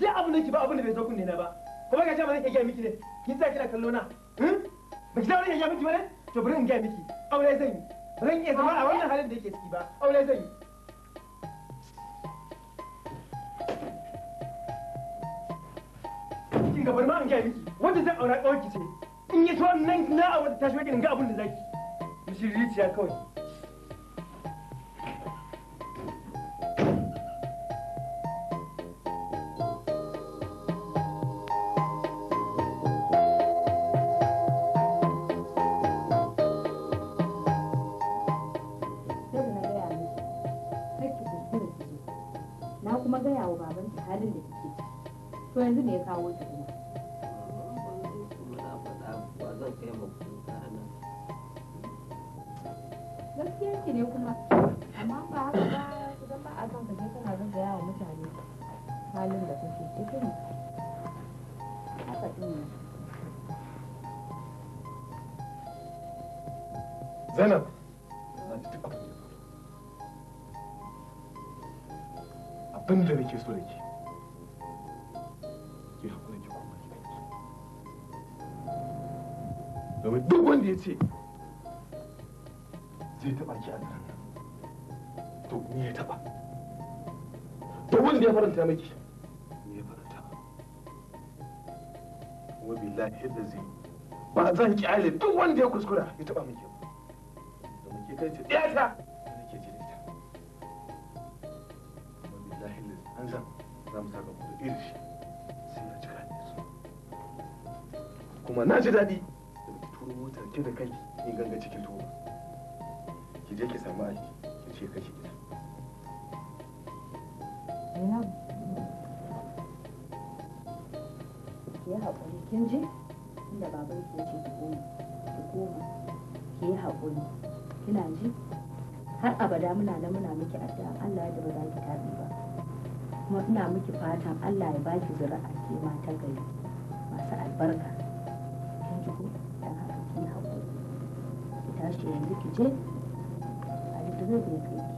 duk abin da ke ba abin da bai zo kunne na ba kuma ka ce ba zan gaya miki ne ki tsaya kina kallo na hmm? ba ki zama iya gaya miki ba ne to bari in gaya miki aure zan yi ba zan iya zama a wannan halin da yake ciki ba aure zan yi kin ga ma in gaya miki wanda zan aura kawai ki ce in yi tuwa nan na aure ta shi wakin ga abin da zaki mishiriciya kawai kawo babanta halin da take ciki to yanzu ne ya kawo ta kuma gaskiya ki ne kuma amma ba haka ba idan ba a son ka je kana zaga yawa mutane halin da kake cikin haka ɗin Zainab abin da nake so da ke ki haƙuri ki koma ki duk wanda ya ce zai taɓa ki a nan to ni ya taɓa to wanda ya faranta ni ya faranta billahi yadda zai ba zan kyale duk wanda ya kuskura ya taɓa miki domin ke kai ce iri sai na jira ne su kuma na ji daɗi da turo motar ke da kai in ganga cikin tuwo ki je ki samu aiki ki ce kashi gida ki yi haƙuri kin ji inda baban ki ce ki koma ki koma ki yi haƙuri kina ji har abada muna nan muna miki addu'a Allah ya da ba za ki tabi ba kuma ina miki fatan Allah ya baki zuri'a ke ma ta gari masu albarka kin ji ko dan haka ki hakuri ki tashi yanzu ki je a yi duk zai kai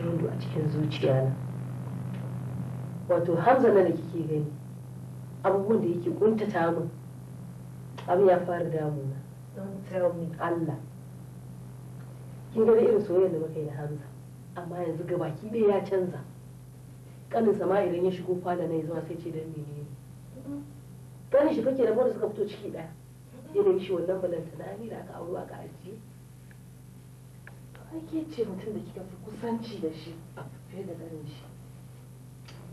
shiru a cikin zuciya na wato zama da kike gani abubuwan da yake kuntata min abu ya fara damuna don tell me Allah kin ga irin soyayyar da muka yi da Hamza amma yanzu ga baki ɗaya ya canza kanin sama idan ya shigo fada na zuwa sai ce dan menene kanin shi kake da da suka fito ciki ɗaya irin shi wannan balanta na da aka auro aka ajiye ai ke ce mutum da kika fi kusanci da shi a fiye da ganin shi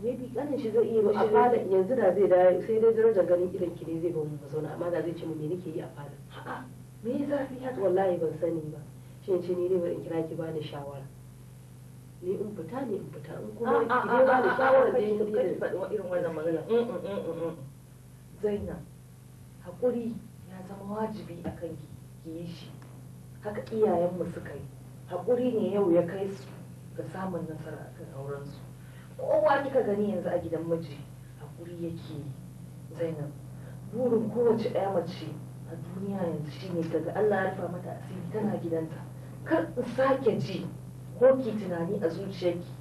maybe ganin shi zai iya a fada yanzu da zai dawo sai dai darajar ganin idan ki ne zai ba mu zauna amma da zai ce mu me nake yi a fada a'a me ya zafi haka wallahi ban sani ba shi ne ce ni dai in kira ki bani shawara ni in fita ne in fita in kuma ki dai bani shawara da yin kai faɗi irin wannan magana mm, mm, mm, zaina hakuri ya zama wajibi a ki ki yi shi haka iyayenmu suka yi haƙuri ne yau ya kai su ga samun nasara kan aurensu kowa kika gani yanzu a gidan miji haƙuri yake zainab burin kowace ɗaya mace a duniya yanzu shine daga allah ya mata asiri tana gidanta kar in sake ji ko ki tunani a zuciyarki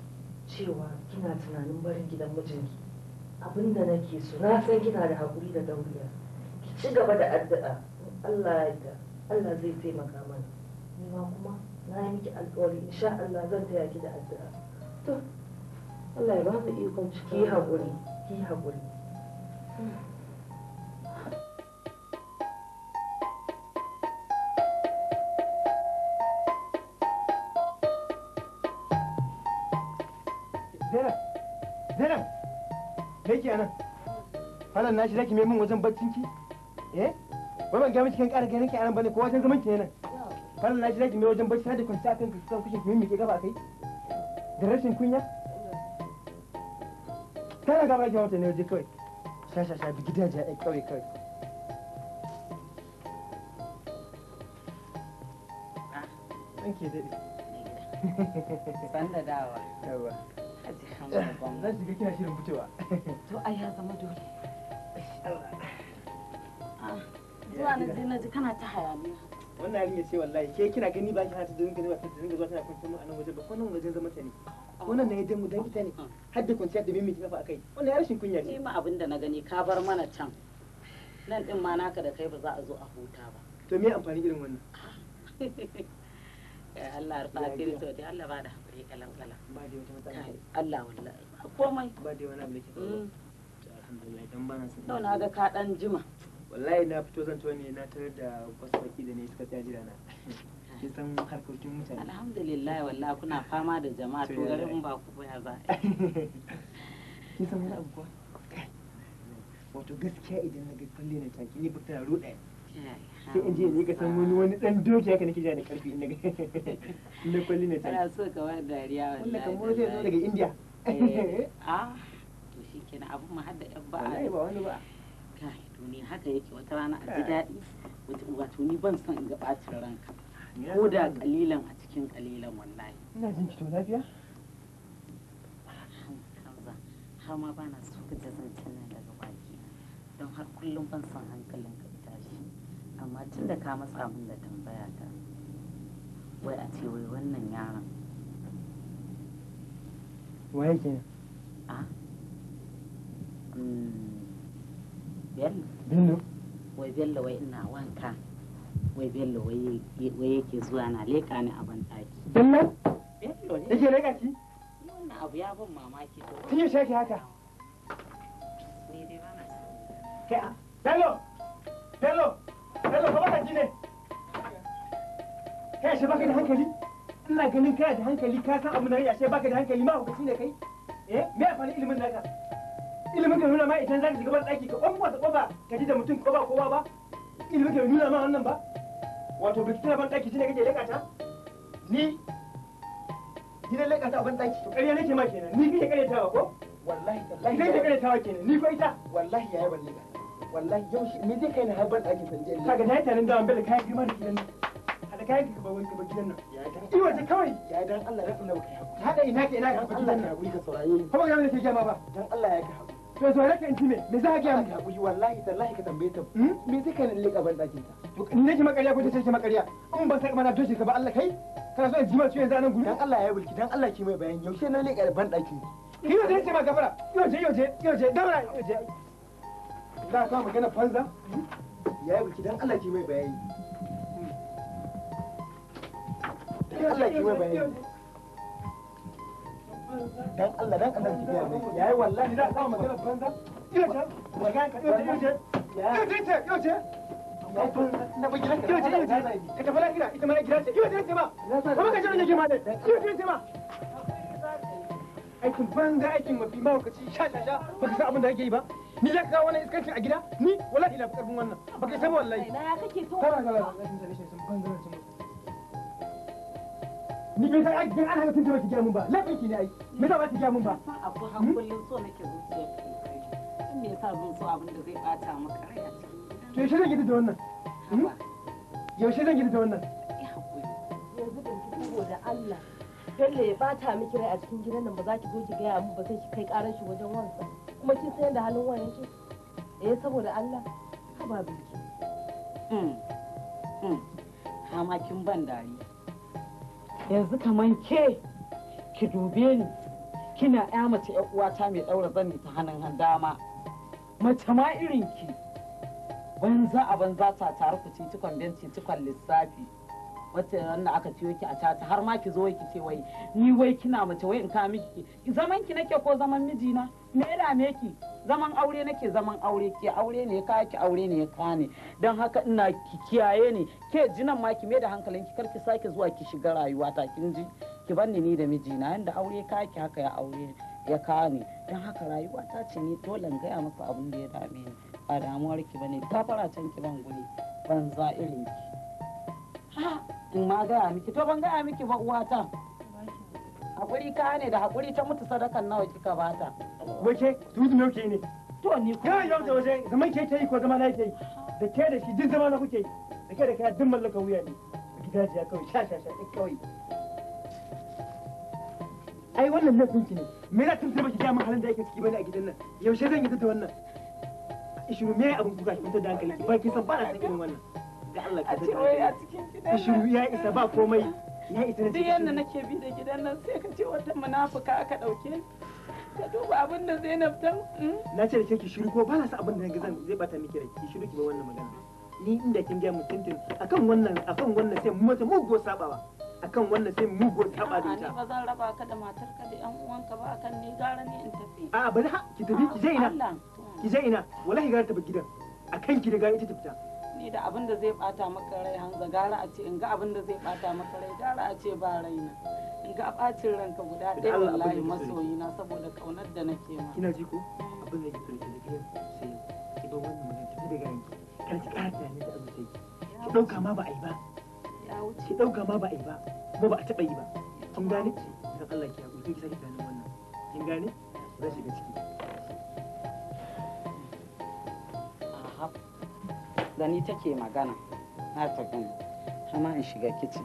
cewa kina tunanin barin gidan mijinki abinda nake so na san kina da haƙuri da dauriya ki ci gaba da addu'a in allah ya yarda allah zai taimaka mana ni ma kuma na yi miki alƙawari insha Allah zan taya ki da addu'a to Allah ya ba ku ikon ciki haƙuri ki haƙuri Zainab, Zainab, me ke nan? Falon shi zaki mai min wajen baccinki? Eh? Wai ban ga miki kan ƙara ganin ki anan bane ko wajen zaman ki ne nan? Falon na ji zaki mai wajen bacci da kwanci akan ka kan kushin kimi mike gaba kai. Da rashin kunya. Kana gaba ki wata ne waje kawai. Sha sha sha bi gidaje ai kawai kawai. An ke dawa. Yawa. kina shirin fitowa. To ai ya zama dole. Ah, zuwa na ji kana ta hayaniya. wannan yarinya ce wallahi ke kina gani ba ki hata da dinga zuwa ta dinga zuwa tana kwanciyar mu a nan waje ba wannan wajen zama ta ne wannan ne dan mu dan ita ne ah. har da kwanciyar da mimi kafa akai wannan ya rashin kunya ne ni ma abin da na gani ka bar mana can nan din ma naka da kai ba za a zo a huta ba to me amfani irin wannan eh, Allah ya rufa asiri to dai Allah ba da hakuri kalan kalan ba da wata matsala Allah wallahi komai ba da wani abu da ke mm. alhamdulillah dan bana sun na ga ka dan jima wallahi na fito zan ne na tarar da wasu baki da ne suka tsaya jira na ke san harkokin mutane alhamdulillah wallahi kuna fama da jama'a to garin ba ku baya za ke san wani abu wato gaskiya idan na ga kwalle na taki ni fita ruɗa sai in je ne ka san wani wani dan doki haka nake jira da karfi in ga. na kwalle na take ana so ka wani dariya wallahi wannan kamar zai zo daga indiya eh, a ah, to shikenan abun ma har ba ba wani ba to haka yake wata rana a ji daɗi wato ni ban son in ga ɓacin ranka ko da kalilan a cikin kalilan wallahi ina jin ki to lafiya har ma ba na so ka da zancen nan daga baki don har kullum ban son hankalin ka tashi amma tun da ka matsa min da tambaya ta wai a ce wai wannan yaron waye kenan a ah? mm. bello bello wai bello wai ina wanka wai bello wai yake zuwa na leka ni a ban daki bello bello ne yake leka ki wannan abu ya ban mamaki to kin shaki haka kai bello bello bello ka baka ne kai shi baka da hankali ina ganin kai da hankali ka san abu na yi ashe baka da hankali ma hukaci ne kai eh me ya faru ilimin naka ilimin ka nuna ma idan za ka shiga ɗaki ka ƙwanfa ta ƙwafa ka ji da mutum ka ba kowa ba ilimin ka nuna ma wannan ba wato biki tana ban ɗaki shi ne kake leƙa ta ni gidan leƙa ta ban ɗaki to ƙarya nake ma kenan ni kake ƙaryatawa ko wallahi tallahi idan ƙaryatawa kenan ni ko ita wallahi yaya ban leƙa wallahi yau shi ni zai kai na har ban ɗaki ban je kaga na yi tarin dawan bela kayan girma da gidan nan haɗa kayan ka ba wani gaba gidan nan iwa ta kawai ya dan Allah ya tsina ka haɗa ina ka ina ka haɗa gidan nan ka saurayi kuma ga mai take ba ba dan Allah ya ka to zo raka inji ne me za ka gaya mu hakuri wallahi tallahi ka tambaye ta hmm? me zai ka lalle ka ban dakin ta ne nake makariya ko ta ce makariya in ban sai mana doshi ka ba Allah kai kana so in jima ciwo zanan anan guri dan Allah ya bulki dan Allah ki mai bayani yaushe na leka ban dakin ki yo zai ce ma gafara yo je yo je yo je dabara yo je da ka magana fanza ya yi bulki dan Allah ki mai bayani dan Allah ki mai bayani dan Allah dan Allah ki ga mai yayi wallahi da ka magana banza ina ta magana ka ina ce ina ce ina ce na ka ina ce ina ce ba ka ma ina ce ba aikin banza aikin mafi mawakaci sha sha sha baka san abin da ake yi ba ni za ka kawo wani iskancin a gida ni wallahi ina fi karfin wannan baka san wallahi na ya kake ni ne ga ajin ana ga tunje baki gyamun ba lafiya ki ne ai me za ba ki gyamun ba abu hankulin so nake zuciya me yasa bin so abin da zai bata maka rai a cikin to yaushe zan gidi da wannan hmm? yaushe zan gidi da wannan yanzu da kiwo da Allah Bello ya bata miki rai a cikin gidan nan ba za ki zo ki gaya min ba sai ki kai karar shi wajen wansa kuma kin san yadda halin wayan ki eh saboda Allah haba biki hmm. mm mm kin ban dariya yanzu kaman ke ki dube ni kina ya mace ya uwata mai ɗaura zani ta hannun dama mace ma irin ki banza a banza ta tare ku cikin ben cikin lissafi wata wannan aka ciyo ki a tata har ma ki zo ki ce wai ni wai kina mace wai in ka miki zaman ki nake ko zaman mijina me da me ki zaman aure nake zaman aure ke aure ne ka ki aure ne ka ne don haka ina ki kiyaye ne ke jinan ma ki mai da hankalin ki karki sake zuwa ki shiga rayuwa ta kin ji ki banni ni da mijina yanda aure ka ki haka ya aure ya ka ne don haka rayuwa ta ce ni dole gaya maka abin da ya dame ni ba damuwar ki bane ta fara can ki ban guri banza irin ki ha in ma gaya miki to ban gaya miki ba uwata haƙuri ka ne da haƙuri ta mutu sadakan nawa kika bata. Wace tutu me ke ne? To ni ko. Yawan yau da waje zaman ke ta yi ko zama na ke yi. Da ke da shi duk zama na kuke yi. Da ke da kaya duk mallaka wuya ne. jiya kawai sha sha sha kawai. Ai wannan ne sun ne. Me na tun ba ga mun halin da yake ciki bane a gidan nan. Yaushe zan yi ta wannan? Ishiru me abin kuka shi mutu da hankali. Ba ki san ba na san wannan. Da Allah ka ta. A cikin gidan. Ishiru ya isa ba komai. duk yadda nake bi da gidan nan sai ka ce wata munafuka aka ɗauke ka duba abin da zainab ta hmm? na ce da kin ki shiru ko ba na sa abin da na zan zai bata miki rai ki shiru ki ba wannan magana ni inda kin gaya mun tintin akan wannan akan wannan sai mata mugo sabawa akan wannan sai mugo saba da ita ba zan raba ka da matar ka da yan uwanka ba akan ni gara ne in tafi a bari ha ki tafi ki je ina ki je ina wallahi gara ta gidan akan ki da gara ita ta fita ni da abin da zai bata maka rai hanza gara a ce in ga abin da zai bata maka rai gara a ce ba rai na in ga bacin ranka guda ɗaya wallahi masoyi na saboda kaunar da nake ma kina ji ko abin da kike da kike sai ki ba wannan magana tafi daga yanki kar ki kara tunani da abin sai ki dauka ma ba a yi ba ya wuce ki dauka ma ba a yi ba kuma ba a taba yi ba kin gane ki dan Allah ki hakuri kin sake tunanin wannan kin gane zai shiga ciki da ni take magana na ta gani kama in shiga kicin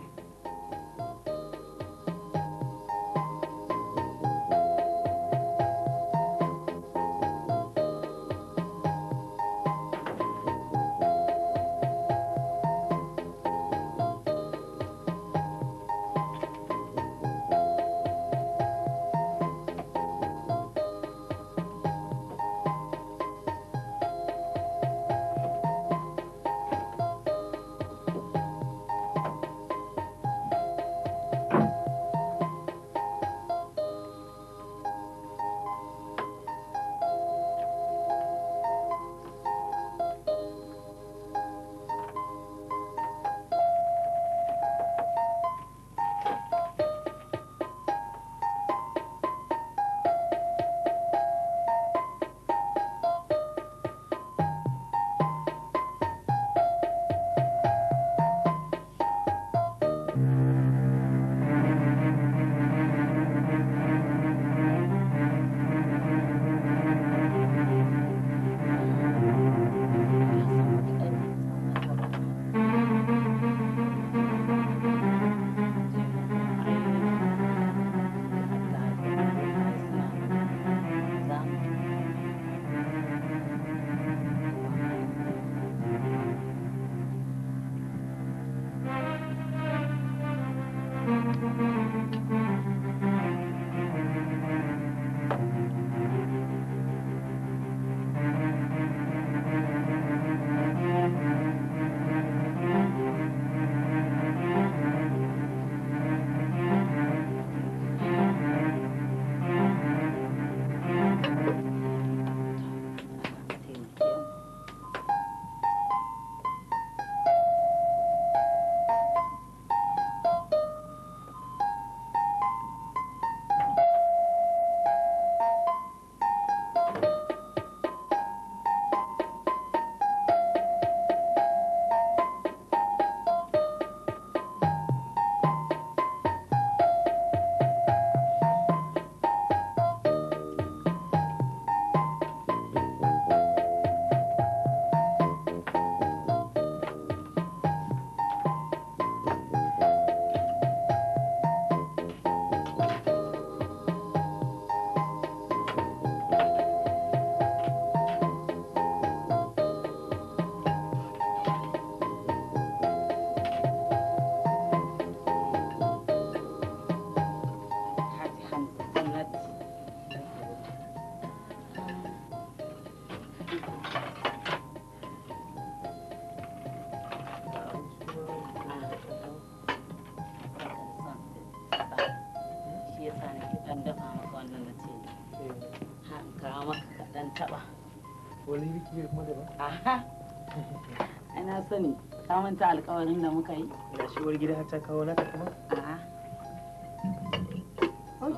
ka manta alkawarin da muka yi da shiwar gida ta kawo naka kuma a'a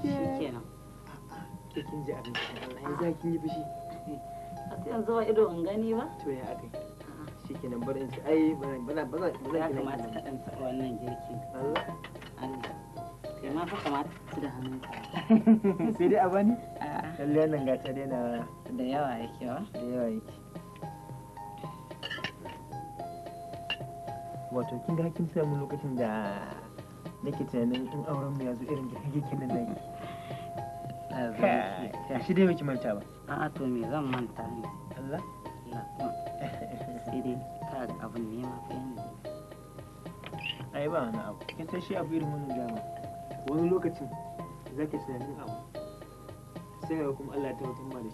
kenan kin ji abin Allah ya za kin yi fushi yanzu ba ido in gani ba to ya ci ai da hannun a bani lalle nan na wato kin ga kin samu lokacin da nake tunanin in auren mu ya zo irin girgirgin nan nake a shi dai baki manta ba a'a to me zan manta ne Allah sai dai ka ga abin ne ma fa yanzu ai ba wani abu kin san shi abu irin wannan dama wani lokacin zaka tunanin abu sai ga kuma Allah ta tabbatar ma da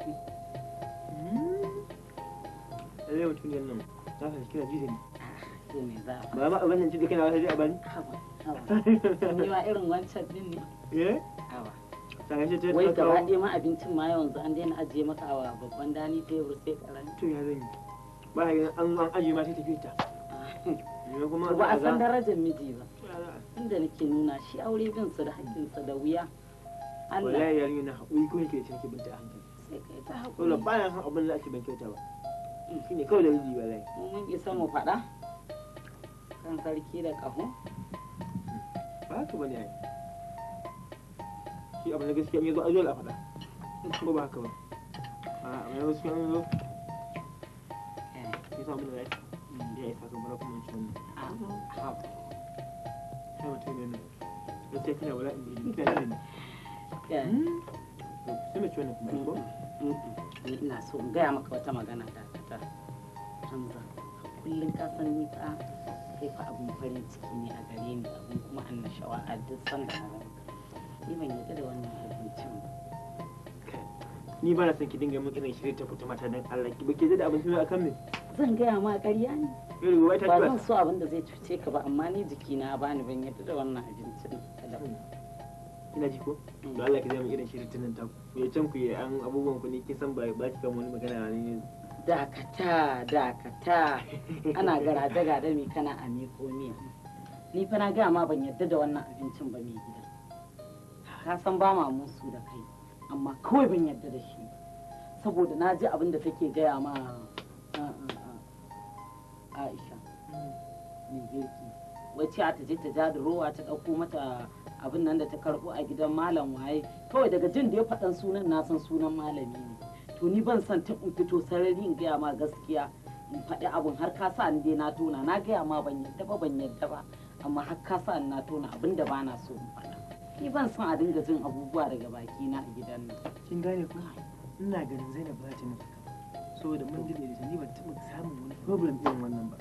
shi hmm. Allah ya za ka kira jijin To me za Ba ma wannan ciki kana a bani? Ni ma irin wancan din ne. Eh? Wai ma abincin ma yanzu an daina ajiye maka a babban dani tebur sai ƙarami. To ya zan yi. Ba ya an an ajiye ma sai tafi ta. Ba a san darajar miji ba. Inda nake nuna shi aure bin su da haƙƙinsa da wuya. Allah. Wallahi yarinya ko yake ce ki binta a hankali. Sai kai ta haƙuri. Wala ba na san abin da ake ban ba. Shine kawai da miji wallahi. Mun isa mu faɗa. kan sarki da ƙaho? ba haka bane ai shi abu na gaskiya mai zo a dole a faɗa ko ba haka ba a mai zo yan zo ya samu da ya yi ya yi saka mara kuma shi wannan ah, a sai mutum ne ne nan gaskiya kina wala inda bi kina ne eh. hmm? sai mace wannan kuma ko ina so in gaya maka wata magana da ta canza kullum ka san ni fa kai fa abin farin ciki ne a gare ni abin kuma annashawa a duk sanda na ni ban yi da wannan abincin ni ba na son ki dinga mun irin shirin ta fita mata dan Allah ki bake da abinci a kan me zan gaya ma ƙarya ne ba zan so abin da zai cuce ka ba amma ni jikina ba ni ban yadda da wannan abincin ina ji ko to mm. Allah ki zai mu irin shirin tunan ta ku ya can ku yi an abubuwan ku ne ki ba ba ki kan wani magana ne dakata dakata ana gara da gada mi kana a miko miya ni fa na gaya ma ban yadda da wannan abincin ba mai gida ka san ba ma musu da kai amma kawai ban yadda da shi saboda na ji abin da take gaya ma uh, uh, uh, aisha mai girki wacce a ta je ta ja da rowa ta ɗauko mata abin nan da ta karɓo a gidan malam waye kawai daga jin da ya faɗan sunan na san sunan malami ne to ni ban san ta fito sarari in gaya ma gaskiya in faɗi abun har ka sa ni na tona na gaya ma ban yadda ba ban yadda ba amma har ka sa ni na tona abin da bana so in faɗa ni ban san a dinga jin abubuwa daga baki na a gidan nan kin gane ko ina ganin Zainab ba ta maka saboda mun dade da ni ban taɓa samun wani problem irin wannan ba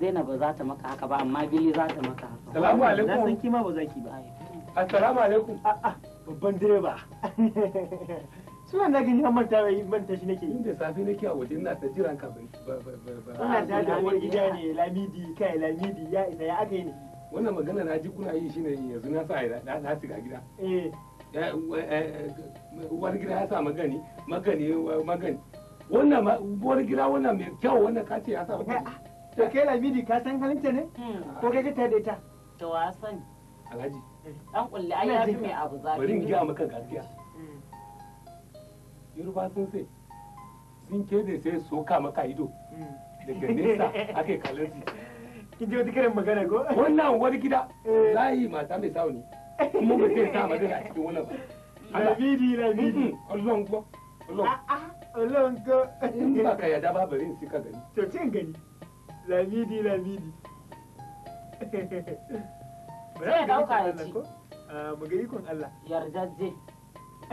Zainab ba za ta maka haka ba amma Bili za ta maka haka Assalamu alaikum na san kima ba za ki ba Assalamu alaikum a'a babban direba suna na gani har manta bai manta shi nake inda safi nake a waje ina ta jiran ka bai ba ba ba ana ta da wani gida ne lamidi kai lamidi ya ina ya aka yi ne wannan magana na ji kuna yi shine yanzu na sa na na shiga gida eh. Eh, eh uwar gida ya sa magani magani magani wannan uwar gida wannan mai kyau wannan ka ce ya sa magani eh, ah, to kai lamidi ka san halinta ne hmm. ko kai ka tada ita to wa sani alhaji dan kulli ai ya fi mai abu zafi bari in ga maka gaskiya yoruba sun ce sun ke da sai soka maka ido mm. daga nesa ake kallon su kin ji wata kiran magana ko wannan wani gida eh. layi mata mai sauni kuma ba sai sa magana a cikin wannan ba labidi labidi Allah ko Allah Allah ko in ba ka yada ba bari in sika gani to cin gani labidi labidi ba za ka dauka ya ci ah, mu ga ikon Allah zai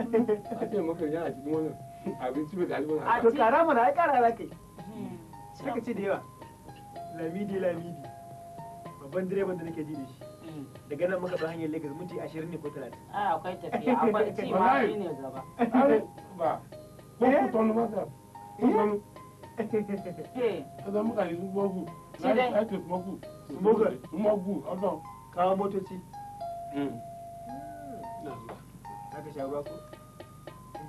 a hmm. ce maka a mana da yawa lamidi lamidi babban direban da nake ji da shi hmm. daga nan muka hanyar Lagos minti ashirin ne ko talatin. A ah, akwai tafiya, akwai ci ma ne gaba. Ba, ko eh? ku tonu ku tonu. Ka eh. zama kari sun magu, na yi ake magu, magu, magu, Kawo motoci. Hmm. Na zuwa. ko?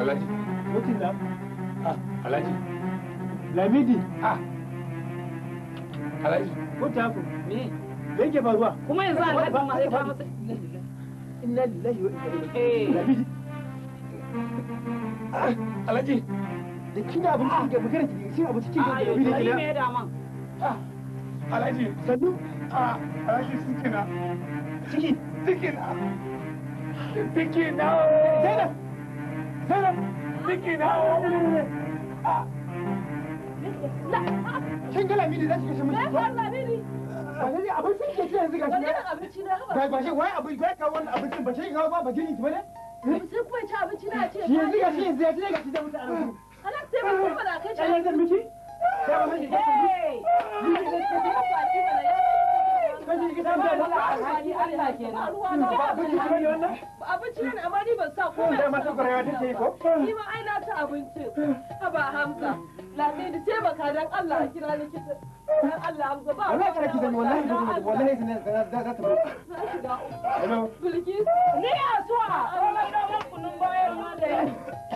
Alhaji. Mutum da? Ah. Alhaji. Lamidi. Ah. Alhaji. Mutu haku. Me? Da yake faruwa. Kuma yanzu alhaji ma sai ka masa. Inna lillahi wa inna ilaihi. Eh. Ah. Alhaji. Da kina abinci kike magana ki da Ah, Alhaji. Sannu. Ah, Alhaji na. Miki na ne abin Ba ba shi wai abin kashi gidan da Allah alhaji Allah kenan ba hmm. abinci ba ne wannan ba abinci ne amma ni ban sa komai hmm, da mata kurewa take yi ko hmm. ni ma ai na ci abinci ba hamza lafiya da ce baka dan Allah a kira likita dan Allah hamza ba Allah kira ki zama wallahi wallahi ne za za ta hello bulki ni a zuwa da mun kunun bayan ma da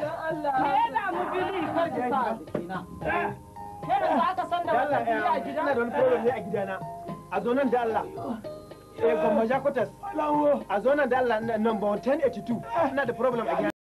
dan Allah me da mu biri ka ji sa eh. ka san da wannan a eh, gida? da wani problem ne a gidana. a zo nan da Allah eh gwamma jakutas a zo nan da Allah nan 1082 ina da problem a